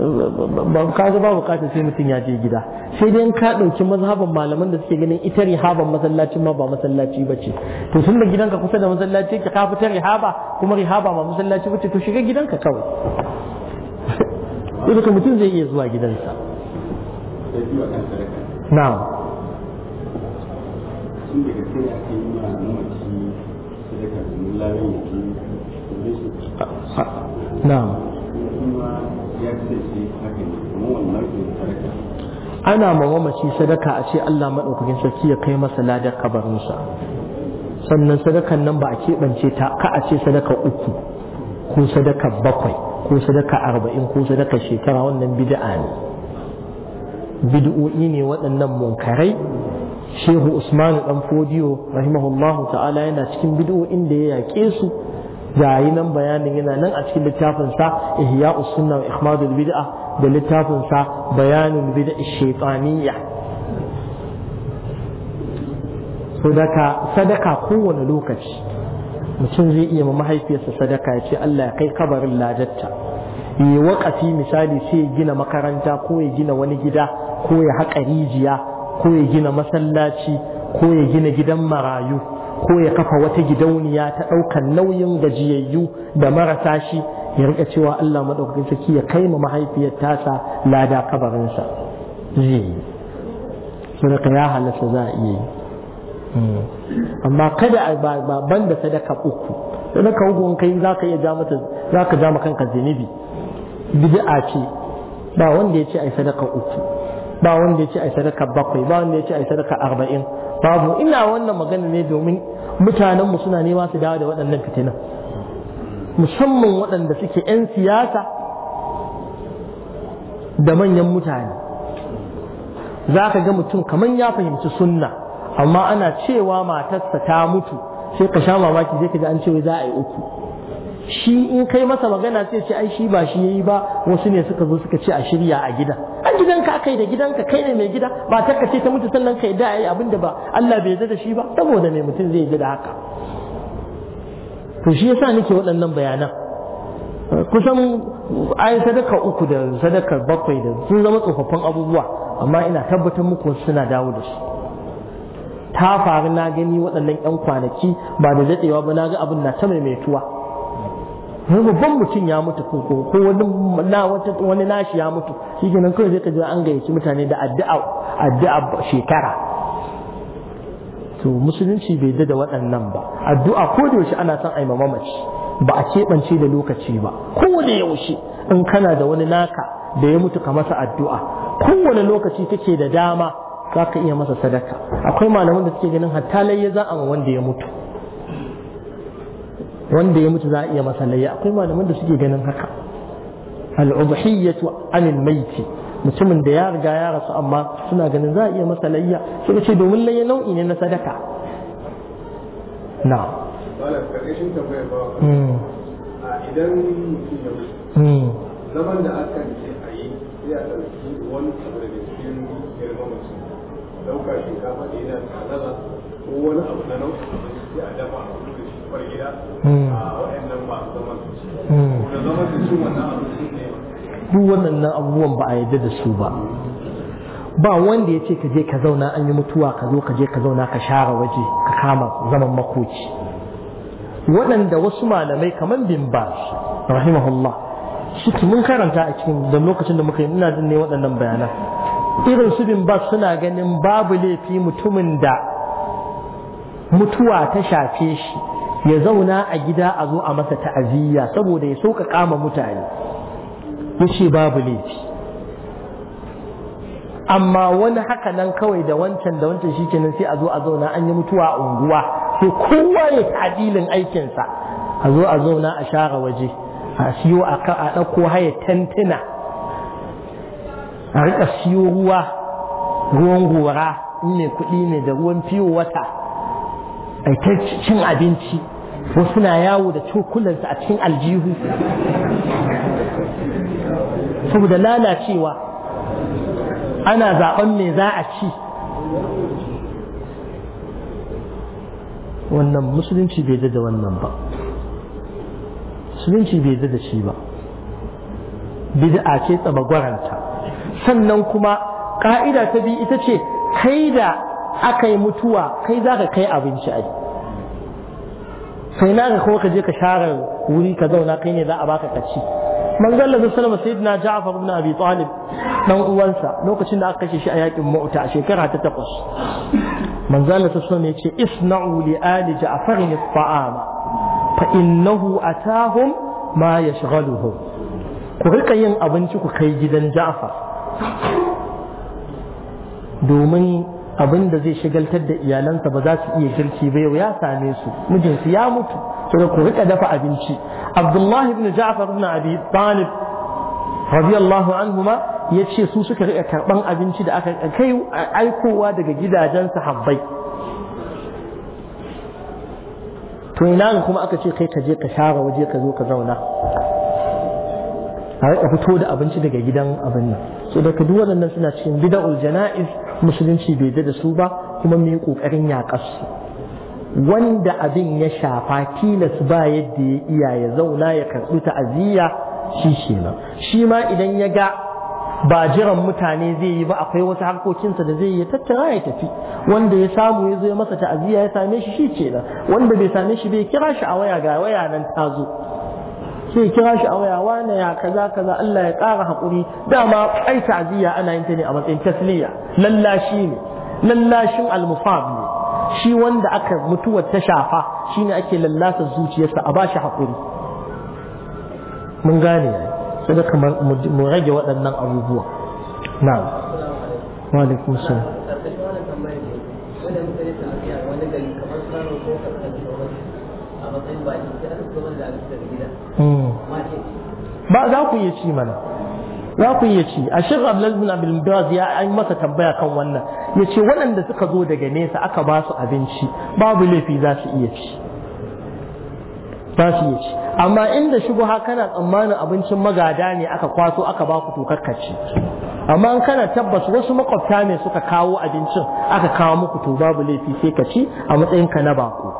ka ga ba bukatar sai mutum ya je gida sai dai ka dauki mazhaban malaman da suke ganin ita rihaban masallacin ma ba masallaci ba ce to sun da gidanka kusa da masallaci ka ka fita rihaba kuma rihaba ba masallaci ba ce to shiga gidanka kawai ka mutum zai iya zuwa gidansa na'am na'am ya ce ana ma mamaci sadaka a ce Allah maɗaukakin sarki ya kai masa ladar kabarinsa sannan sadakan nan ba a keɓance ta ka a ce sadaka uku ko sadaka bakwai ko sadaka arba'in ko sadaka shekara wannan bid'a ne bid'o'i ne waɗannan munkarai shehu usman dan fodiyo rahimahullahu ta'ala yana cikin bid'o'in da ya yaƙe su yi nan bayanin yana nan a cikin littafin sa ihya usunna wa ihmadul bid'a da littafin sa bayanin bid'a shaytaniyya sadaka sadaka kowane lokaci mutum zai iya ma mahaifiyarsa sadaka ya ce Allah ya kai kabarin lajatta yi waƙafi misali sai ya gina makaranta ko ya gina wani gida ko ya haƙa rijiya ko ya gina masallaci ko ya gina gidan marayu ko ya kafa wata gidauniya ta ɗaukar nauyin gajiyayyu da marasa shi ya rika cewa Allah maɗaukakin sarki ya kai ma mahaifiyar tasa lada kabarinsa zai yi sadaka ya halasta za a iya yi hmm. amma kada a ban da sadaka uku sadaka uku in kai za ka iya ja mata za ka ja ma kanka zinubi bid'a ce ba wanda ya ce ai sadaka uku ba wanda ya ce ai sadaka bakwai ba wanda ya ce ai sadaka arba'in babu ina wannan magana ne domin mutanenmu suna nema su dawo da waɗannan fitina musamman waɗanda suke 'yan siyasa da manyan mutane za ka ga mutum kamar ya fahimci sunna amma ana cewa matarsa ta mutu sai ka sha mamaki sai ka ji an cewa za a yi uku shi in kai masa magana sai ce ai shi ba shi yayi ba wasu ne suka zo suka ce a shirya a gida a gidanka akai da gidanka kai ne mai gida ba ta ce ta mutu sannan kai da yayi abinda ba Allah bai yarda da shi ba saboda me mutum zai ji da haka to shi yasa nake waɗannan bayanan kusan ai sadaka uku da sadaka bakwai da sun zama tsofaffin abubuwa amma ina tabbatar muku suna dawo da su ta faru na gani waɗannan 'yan kwanaki ba da daɗewa ba na ga abin na ta maimaituwa wani babban mutum ya mutu ko ko wani nashi ya mutu shi ke nan kawai zai ka ji an gayyaci mutane da addu'a addu'a shekara to musulunci bai da waɗannan ba addu'a ko da yaushe ana son aima mamaci ba a keɓance da lokaci ba ko da yaushe in kana da wani naka da ya mutu ka masa addu'a kowane lokaci take da dama za ka iya masa sadaka akwai malaman da suke ganin hatta layya za a wanda ya mutu wanda ya mutu za a iya masa layya akwai malaman da suke ganin haka al'ubuhiyyatu anil maiti mutumin da ya riga ya rasu amma suna ganin za a iya masa layya sai ce domin layya nau'i ne na sadaka na hmm. idan hmm. zaman da aka ce a yi sai a ɗauki wani abu da cikin girma mutum ɗauka shinkafa da yana tsada ko wani abu na nau'in abinci sai a dafa kofar gida hmm. hmm. wannan nan abubuwan ba a yarda da su ba ba wanda ya ce ka je ka zauna an yi mutuwa ka zo ka je ka zauna ka share waje ka kama zaman makoci waɗanda wasu malamai kamar bin rahimahullah su mun karanta a cikin da lokacin da muka yi ina jin ne waɗannan bayanan irin su bin suna ganin babu laifi mutumin da mutuwa ta shafe shi ya zauna a gida a zo a masa ta'aziyya saboda ya sauka kama mutane ya ce babu laifi amma wani haka nan kawai da wancan da wancan shi kenan sai a zo a zauna an yi mutuwa a unguwa sai kowa ya ta'adilin aikinsa a zo a zauna a share waje a siyo a ɗauko haya tantuna a riƙa siyo ruwa ruwan gora in mai kuɗi ne da ruwan fiyo wata ai cin abinci wasu na yawo da cokulansu a cikin aljihu saboda lalacewa ana zaɓen mai za a ci wannan musulunci bai da wannan ba musulunci bai da shi ba bid'a ce tsaba gwaranta sannan kuma ka'ida ta bi ita ce kai da aka yi mutuwa kai za ka kai abinci ai sai na ka kuma ka je ka share wuri ka zauna kai ne za a baka kaci manzon Allah sallallahu alaihi wasallam Ja'far ibn Abi Talib dan uwansa lokacin da aka kashe shi a yakin mota a shekara ta takwas manzon Allah sallallahu alaihi wasallam yace isna'u li ali Ja'far at-ta'am fa innahu atahum ma yashghaluhum ku rika yin abinci ku kai gidan Ja'far domin abin da zai shigaltar da iyalansa ba za su iya girki ba yau ya same su mijinsu ya mutu sai ku rika dafa abinci abdullah ibn ja'far ibn abi talib radiyallahu anhuma ce su suka rika karban abinci da aka kai aikowa daga gidajen sahabbai to ina kuma aka ce kai ka je ka share waje ka zo ka zauna a rika fito da abinci daga gidan abin nan so da duk waɗannan suna cikin bida'ul jana'iz musulunci bai da su ba kuma mu yi ƙoƙarin yaƙarsu. wanda abin ya shafa tilas ba yadda ya iya ya zauna ya karɓi ta'aziyya shi kenan shi ma idan ya ga ba jiran mutane zai yi ba akwai wasu harkokinsa da zai yi tattara ya tafi wanda ya samu ya zo ya masa ta'aziyya ya same shi shi kenan wanda bai same shi bai kira shi a waya ga waya nan ta zo sai kira shi a waya wane ya kaza kaza Allah ya ƙara haƙuri dama ai ta'ziya ana yin ta ne a matsayin tasliya lallashi ne lallashin almufab ne shi wanda aka mutuwar ta shafa shine ake lallasa zuciyarsa a bashi haƙuri mun gane sai da kamar mu rage waɗannan abubuwa na'am wa alaikum Hmm. ba za ku iya ci mana za ku iya ci a shirin bin abdulmudaz ya yi masa tambaya kan wannan ya ce waɗanda suka zo daga nesa aka ba su abinci babu laifi za su iya ci za su iya ci amma inda shubuha kana tsammanin abincin magada ne aka kwaso aka ba ku to ci amma an kana tabbas wasu makwabta ne suka kawo abincin aka kawo muku to babu laifi sai ka ci a matsayin ka na bako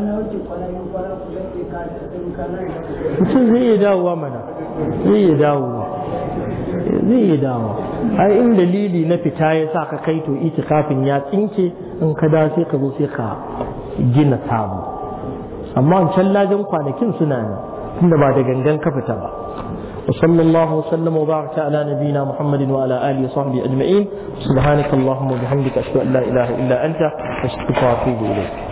mutum zai iya dawowa mana zai iya dawowa zai iya dawowa ai in dalili na fita ya sa ka kai to kafin ya tsinke in ka da sai ka zo sai ka gina samu amma can lajin kwanakin suna ne tunda ba da gangan ka fita ba وصلى الله وسلم وبارك على نبينا محمد وعلى اله وصحبه اجمعين سبحانك اللهم وبحمدك اشهد ان لا اله الا انت استغفرك واتوب اليك